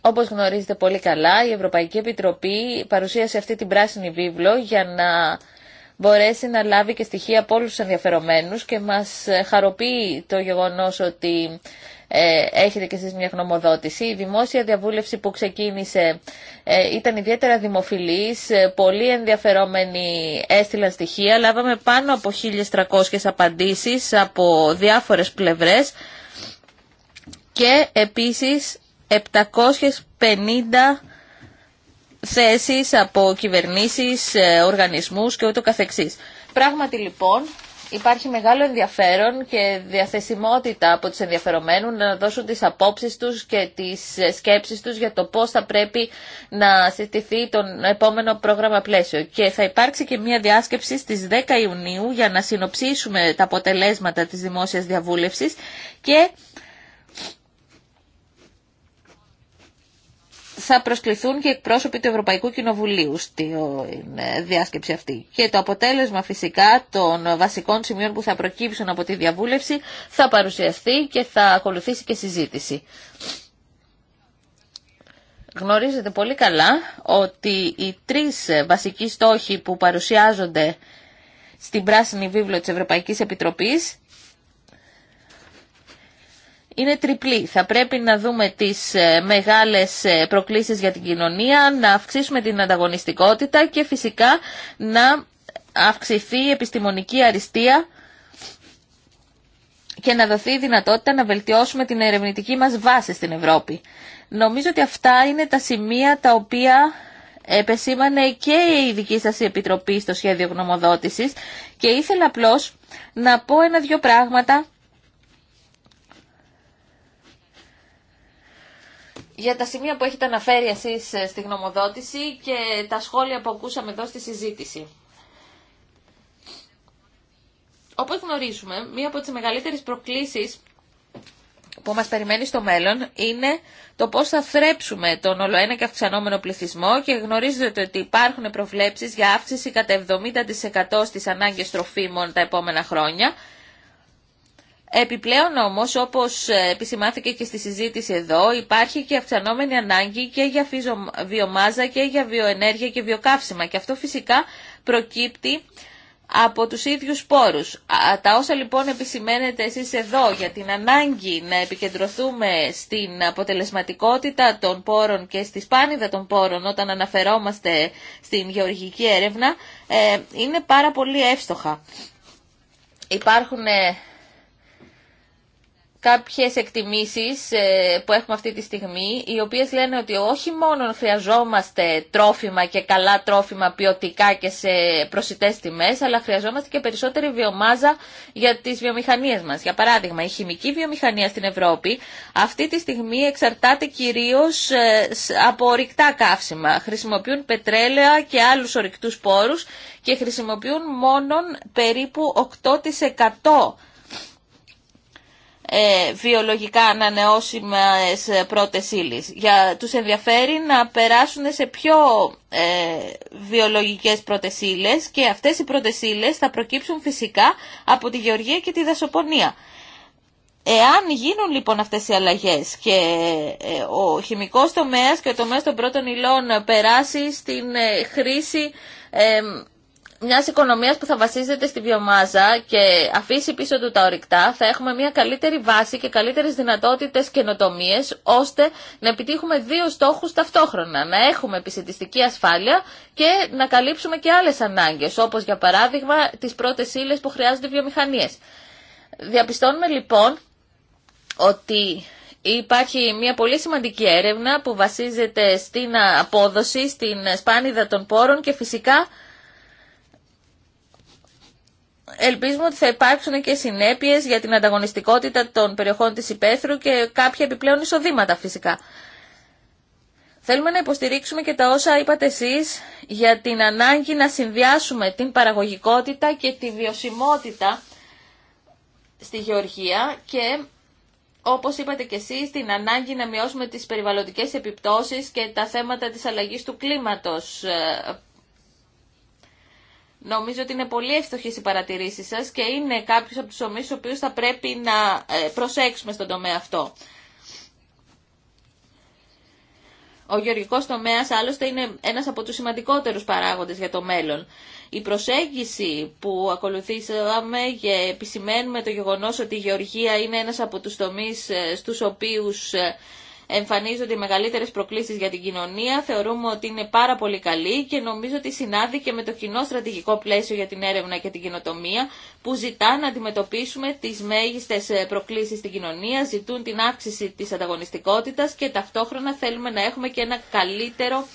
Όπως γνωρίζετε πολύ καλά, η Ευρωπαϊκή Επιτροπή παρουσίασε αυτή την πράσινη βίβλο για να μπορέσει να λάβει και στοιχεία από όλους τους ενδιαφερομένους και μας ε, χαροποιεί το γεγονός ότι ε, έχετε και εσείς μια γνωμοδότηση. Η δημόσια διαβούλευση που ξεκίνησε ε, ήταν ιδιαίτερα δημοφιλής, ε, πολύ ενδιαφερόμενοι έστειλαν στοιχεία, λάβαμε πάνω από 1.300 απαντήσεις από διάφορες πλευρές και επίσης 750 θέσεις από κυβερνήσεις, ε, οργανισμούς και ούτω καθεξής. Πράγματι λοιπόν υπάρχει μεγάλο ενδιαφέρον και διαθεσιμότητα από τους ενδιαφερομένους να δώσουν τις απόψεις τους και τις ε, σκέψεις τους για το πώς θα πρέπει να συστηθεί το επόμενο πρόγραμμα πλαίσιο. Και θα υπάρξει και μια διάσκεψη στις 10 Ιουνίου για να συνοψίσουμε τα αποτελέσματα της δημόσιας διαβούλευσης και θα προσκληθούν και εκπρόσωποι του Ευρωπαϊκού Κοινοβουλίου στη ε, διάσκεψη αυτή. Και το αποτέλεσμα φυσικά των βασικών σημείων που θα προκύψουν από τη διαβούλευση θα παρουσιαστεί και θα ακολουθήσει και συζήτηση. Γνωρίζετε πολύ καλά ότι οι τρεις βασικοί στόχοι που παρουσιάζονται στην Πράσινη Βίβλο της Ευρωπαϊκής Επιτροπής είναι τριπλή. Θα πρέπει να δούμε τις ε, μεγάλες ε, προκλήσεις για την κοινωνία, να αυξήσουμε την ανταγωνιστικότητα και φυσικά να αυξηθεί η επιστημονική αριστεία και να δοθεί η δυνατότητα να βελτιώσουμε την ερευνητική μας βάση στην Ευρώπη. Νομίζω ότι αυτά είναι τα σημεία τα οποία επεσήμανε και η δική σας επιτροπή στο σχέδιο γνωμοδότησης και ήθελα απλώς να πω ένα-δυο πράγματα για τα σημεία που έχετε αναφέρει εσείς ε, στη γνωμοδότηση και τα σχόλια που ακούσαμε εδώ στη συζήτηση. Όπως γνωρίζουμε, μία από τις μεγαλύτερες προκλήσεις που μας περιμένει στο μέλλον είναι το πώς θα θρέψουμε τον ολοένα και αυξανόμενο πληθυσμό και γνωρίζετε ότι υπάρχουν προβλέψεις για αύξηση κατά 70% στις ανάγκες τροφίμων τα επόμενα χρόνια Επιπλέον όμως, όπως ε, επισημάθηκε και στη συζήτηση εδώ, υπάρχει και αυξανόμενη ανάγκη και για βιομάζα και για βιοενέργεια και βιοκαύσιμα και αυτό φυσικά προκύπτει από τους ίδιους πόρους. Τα όσα λοιπόν επισημαίνετε εσείς εδώ για την ανάγκη να επικεντρωθούμε στην αποτελεσματικότητα των πόρων και στη σπάνιδα των πόρων όταν αναφερόμαστε στην γεωργική έρευνα, ε, είναι πάρα πολύ εύστοχα. Υπάρχουν ε, κάποιες εκτιμήσεις ε, που έχουμε αυτή τη στιγμή, οι οποίες λένε ότι όχι μόνο χρειαζόμαστε τρόφιμα και καλά τρόφιμα ποιοτικά και σε προσιτές τιμές, αλλά χρειαζόμαστε και περισσότερη βιομάζα για τις βιομηχανίες μας. Για παράδειγμα, η χημική βιομηχανία στην Ευρώπη αυτή τη στιγμή εξαρτάται κυρίως ε, από ορυκτά καύσιμα. Χρησιμοποιούν πετρέλαια και άλλους ορυκτούς πόρους και χρησιμοποιούν μόνο περίπου 8% ε, βιολογικά ανανεώσιμες ε, πρώτες ύλη. Για τους ενδιαφέρει να περάσουν σε πιο ε, βιολογικές πρώτες και αυτές οι πρώτες ύλε θα προκύψουν φυσικά από τη γεωργία και τη δασοπονία. Εάν γίνουν λοιπόν αυτές οι αλλαγές και ε, ο χημικός τομέας και ο τομέας των πρώτων υλών περάσει στην ε, χρήση μια οικονομία που θα βασίζεται στη βιομάζα και αφήσει πίσω του τα ορυκτά, θα έχουμε μια καλύτερη βάση και καλύτερε δυνατότητε καινοτομίε, ώστε να επιτύχουμε δύο στόχου ταυτόχρονα. Να έχουμε επισητιστική ασφάλεια και να καλύψουμε και άλλε ανάγκε, όπω για παράδειγμα τι πρώτε ύλε που χρειάζονται οι βιομηχανίε. Διαπιστώνουμε λοιπόν ότι Υπάρχει μια πολύ σημαντική έρευνα που βασίζεται στην απόδοση, στην σπάνιδα των πόρων και φυσικά ελπίζουμε ότι θα υπάρξουν και συνέπειες για την ανταγωνιστικότητα των περιοχών της υπαίθρου και κάποια επιπλέον εισοδήματα φυσικά. Θέλουμε να υποστηρίξουμε και τα όσα είπατε εσείς για την ανάγκη να συνδυάσουμε την παραγωγικότητα και τη βιωσιμότητα στη γεωργία και όπως είπατε και εσείς, την ανάγκη να μειώσουμε τις περιβαλλοντικές επιπτώσεις και τα θέματα της αλλαγής του κλίματος Νομίζω ότι είναι πολύ εύστοχε οι παρατηρήσει σα και είναι κάποιο από του τομεί του οποίου θα πρέπει να ε, προσέξουμε στον τομέα αυτό. Ο γεωργικός τομέας άλλωστε είναι ένας από τους σημαντικότερους παράγοντες για το μέλλον. Η προσέγγιση που ακολουθήσαμε και επισημαίνουμε το γεγονός ότι η γεωργία είναι ένας από τους τομείς ε, στους οποίους ε, εμφανίζονται οι μεγαλύτερες προκλήσεις για την κοινωνία, θεωρούμε ότι είναι πάρα πολύ καλή και νομίζω ότι συνάδει και με το κοινό στρατηγικό πλαίσιο για την έρευνα και την κοινοτομία που ζητά να αντιμετωπίσουμε τι μέγιστε προκλήσει στην κοινωνία, ζητούν την αύξηση τη ανταγωνιστικότητα και ταυτόχρονα θέλουμε να έχουμε και ένα καλύτερο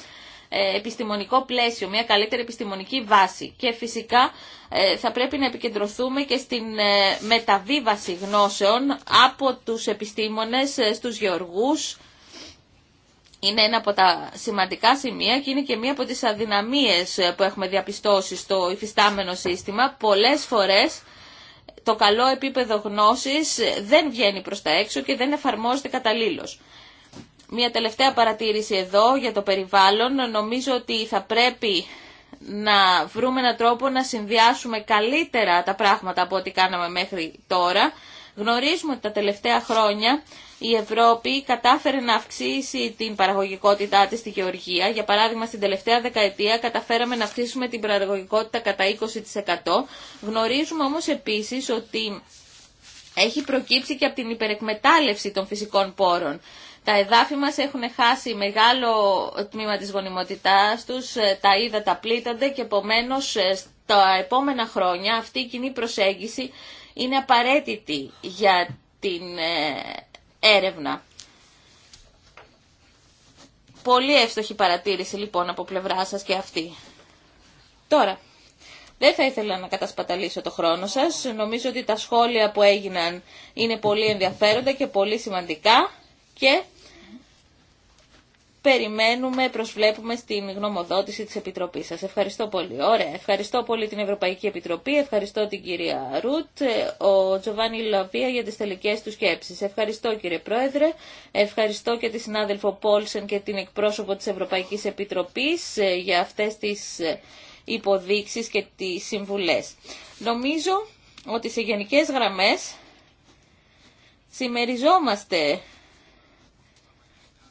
ε, επιστημονικό πλαίσιο, μια καλύτερη επιστημονική βάση. Και φυσικά ε, θα πρέπει να επικεντρωθούμε και στην ε, μεταβίβαση γνώσεων από τους επιστήμονες στους γεωργούς, είναι ένα από τα σημαντικά σημεία και είναι και μία από τις αδυναμίες που έχουμε διαπιστώσει στο υφιστάμενο σύστημα. Πολλές φορές το καλό επίπεδο γνώσης δεν βγαίνει προς τα έξω και δεν εφαρμόζεται καταλήλως. Μια τελευταία παρατήρηση εδώ για το περιβάλλον. Νομίζω ότι θα πρέπει να βρούμε έναν τρόπο να συνδυάσουμε καλύτερα τα πράγματα από ό,τι κάναμε μέχρι τώρα. Γνωρίζουμε ότι τα τελευταία χρόνια η Ευρώπη κατάφερε να αυξήσει την παραγωγικότητά της στη γεωργία. Για παράδειγμα, στην τελευταία δεκαετία καταφέραμε να αυξήσουμε την παραγωγικότητα κατά 20%. Γνωρίζουμε όμως επίσης ότι έχει προκύψει και από την υπερεκμετάλλευση των φυσικών πόρων. Τα εδάφη μας έχουν χάσει μεγάλο τμήμα της γονιμότητάς τους, ε, τα είδα τα πλήττονται και επομένως ε, στα επόμενα χρόνια αυτή η κοινή προσέγγιση είναι απαραίτητη για την ε, έρευνα. Πολύ εύστοχη παρατήρηση λοιπόν από πλευρά σας και αυτή. Τώρα, δεν θα ήθελα να κατασπαταλήσω το χρόνο σας. Νομίζω ότι τα σχόλια που έγιναν είναι πολύ ενδιαφέροντα και πολύ σημαντικά και περιμένουμε, προσβλέπουμε στην γνωμοδότηση της Επιτροπής σας. Ευχαριστώ πολύ. Ωραία. Ευχαριστώ πολύ την Ευρωπαϊκή Επιτροπή. Ευχαριστώ την κυρία Ρουτ, ε, ο Τζοβάνι Λαβία για τις τελικές του σκέψεις. Ευχαριστώ κύριε Πρόεδρε. Ευχαριστώ και τη συνάδελφο Πόλσεν και την εκπρόσωπο της Ευρωπαϊκής Επιτροπής ε, για αυτές τις ε, υποδείξεις και τις συμβουλές. Νομίζω ότι σε γενικές γραμμές συμμεριζόμαστε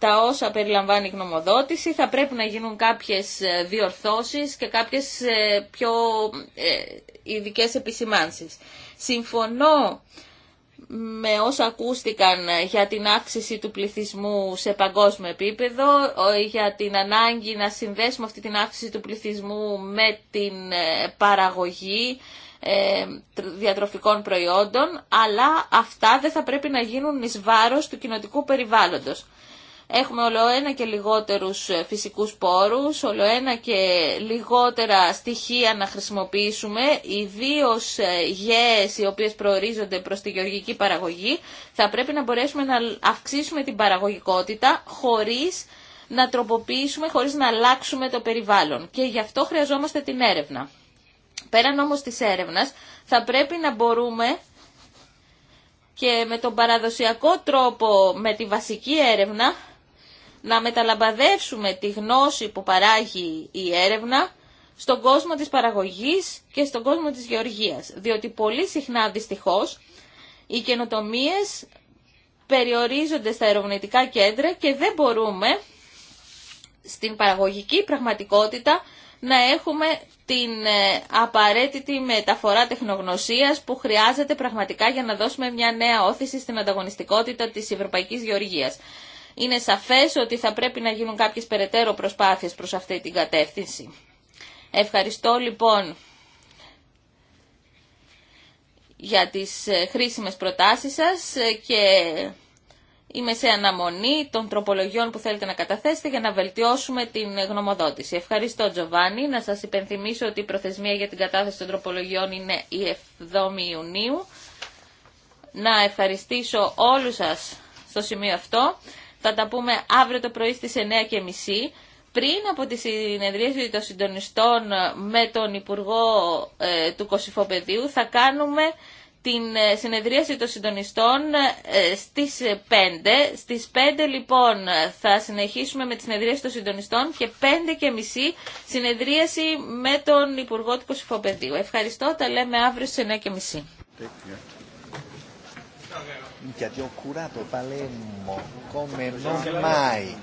τα όσα περιλαμβάνει η γνωμοδότηση, θα πρέπει να γίνουν κάποιες ε, διορθώσεις και κάποιες ε, πιο ε, ειδικέ επισημάνσεις. Συμφωνώ με όσα ακούστηκαν για την αύξηση του πληθυσμού σε παγκόσμιο επίπεδο, για την ανάγκη να συνδέσουμε αυτή την αύξηση του πληθυσμού με την παραγωγή διατροφικών προϊόντων, αλλά αυτά δεν θα πρέπει να γίνουν εις βάρος του κοινοτικού περιβάλλοντος. Έχουμε όλο ένα και λιγότερους ε, φυσικούς πόρους, όλο ένα και λιγότερα στοιχεία να χρησιμοποιήσουμε, ιδίω ε, γέες οι οποίες προορίζονται προς τη γεωργική παραγωγή. Θα πρέπει να μπορέσουμε να αυξήσουμε την παραγωγικότητα χωρίς να τροποποιήσουμε, χωρίς να αλλάξουμε το περιβάλλον. Και γι' αυτό χρειαζόμαστε την έρευνα. Πέραν όμως της έρευνας, θα πρέπει να μπορούμε και με τον παραδοσιακό τρόπο, με τη βασική έρευνα, να μεταλαμπαδεύσουμε τη γνώση που παράγει η έρευνα στον κόσμο της παραγωγής και στον κόσμο της γεωργίας. Διότι πολύ συχνά δυστυχώς οι καινοτομίε περιορίζονται στα ερευνητικά κέντρα και δεν μπορούμε στην παραγωγική πραγματικότητα να έχουμε την ε, απαραίτητη μεταφορά τεχνογνωσίας που χρειάζεται πραγματικά για να δώσουμε μια νέα όθηση στην ανταγωνιστικότητα της Ευρωπαϊκής Γεωργίας είναι σαφές ότι θα πρέπει να γίνουν κάποιες περαιτέρω προσπάθειες προς αυτή την κατεύθυνση. Ευχαριστώ λοιπόν για τις ε, χρήσιμες προτάσεις σας ε, και είμαι σε αναμονή των τροπολογιών που θέλετε να καταθέσετε για να βελτιώσουμε την γνωμοδότηση. Ευχαριστώ Τζοβάνι. Να σας υπενθυμίσω ότι η προθεσμία για την κατάθεση των τροπολογιών είναι η 7η Ιουνίου. Να ευχαριστήσω όλους σας στο σημείο αυτό θα τα πούμε αύριο το πρωί στις 9.30 πριν από τη συνεδρίαση των συντονιστών με τον Υπουργό ε, του Κωσυφοπεδίου θα κάνουμε την ε, συνεδρίαση των συντονιστών ε, στις 5. Στις 5 λοιπόν θα συνεχίσουμε με τη συνεδρίαση των συντονιστών και 5 και μισή συνεδρίαση με τον Υπουργό του Κωσυφοπεδίου. Ευχαριστώ, τα λέμε αύριο στις 9 και minchia ti ho curato Palermo come non mai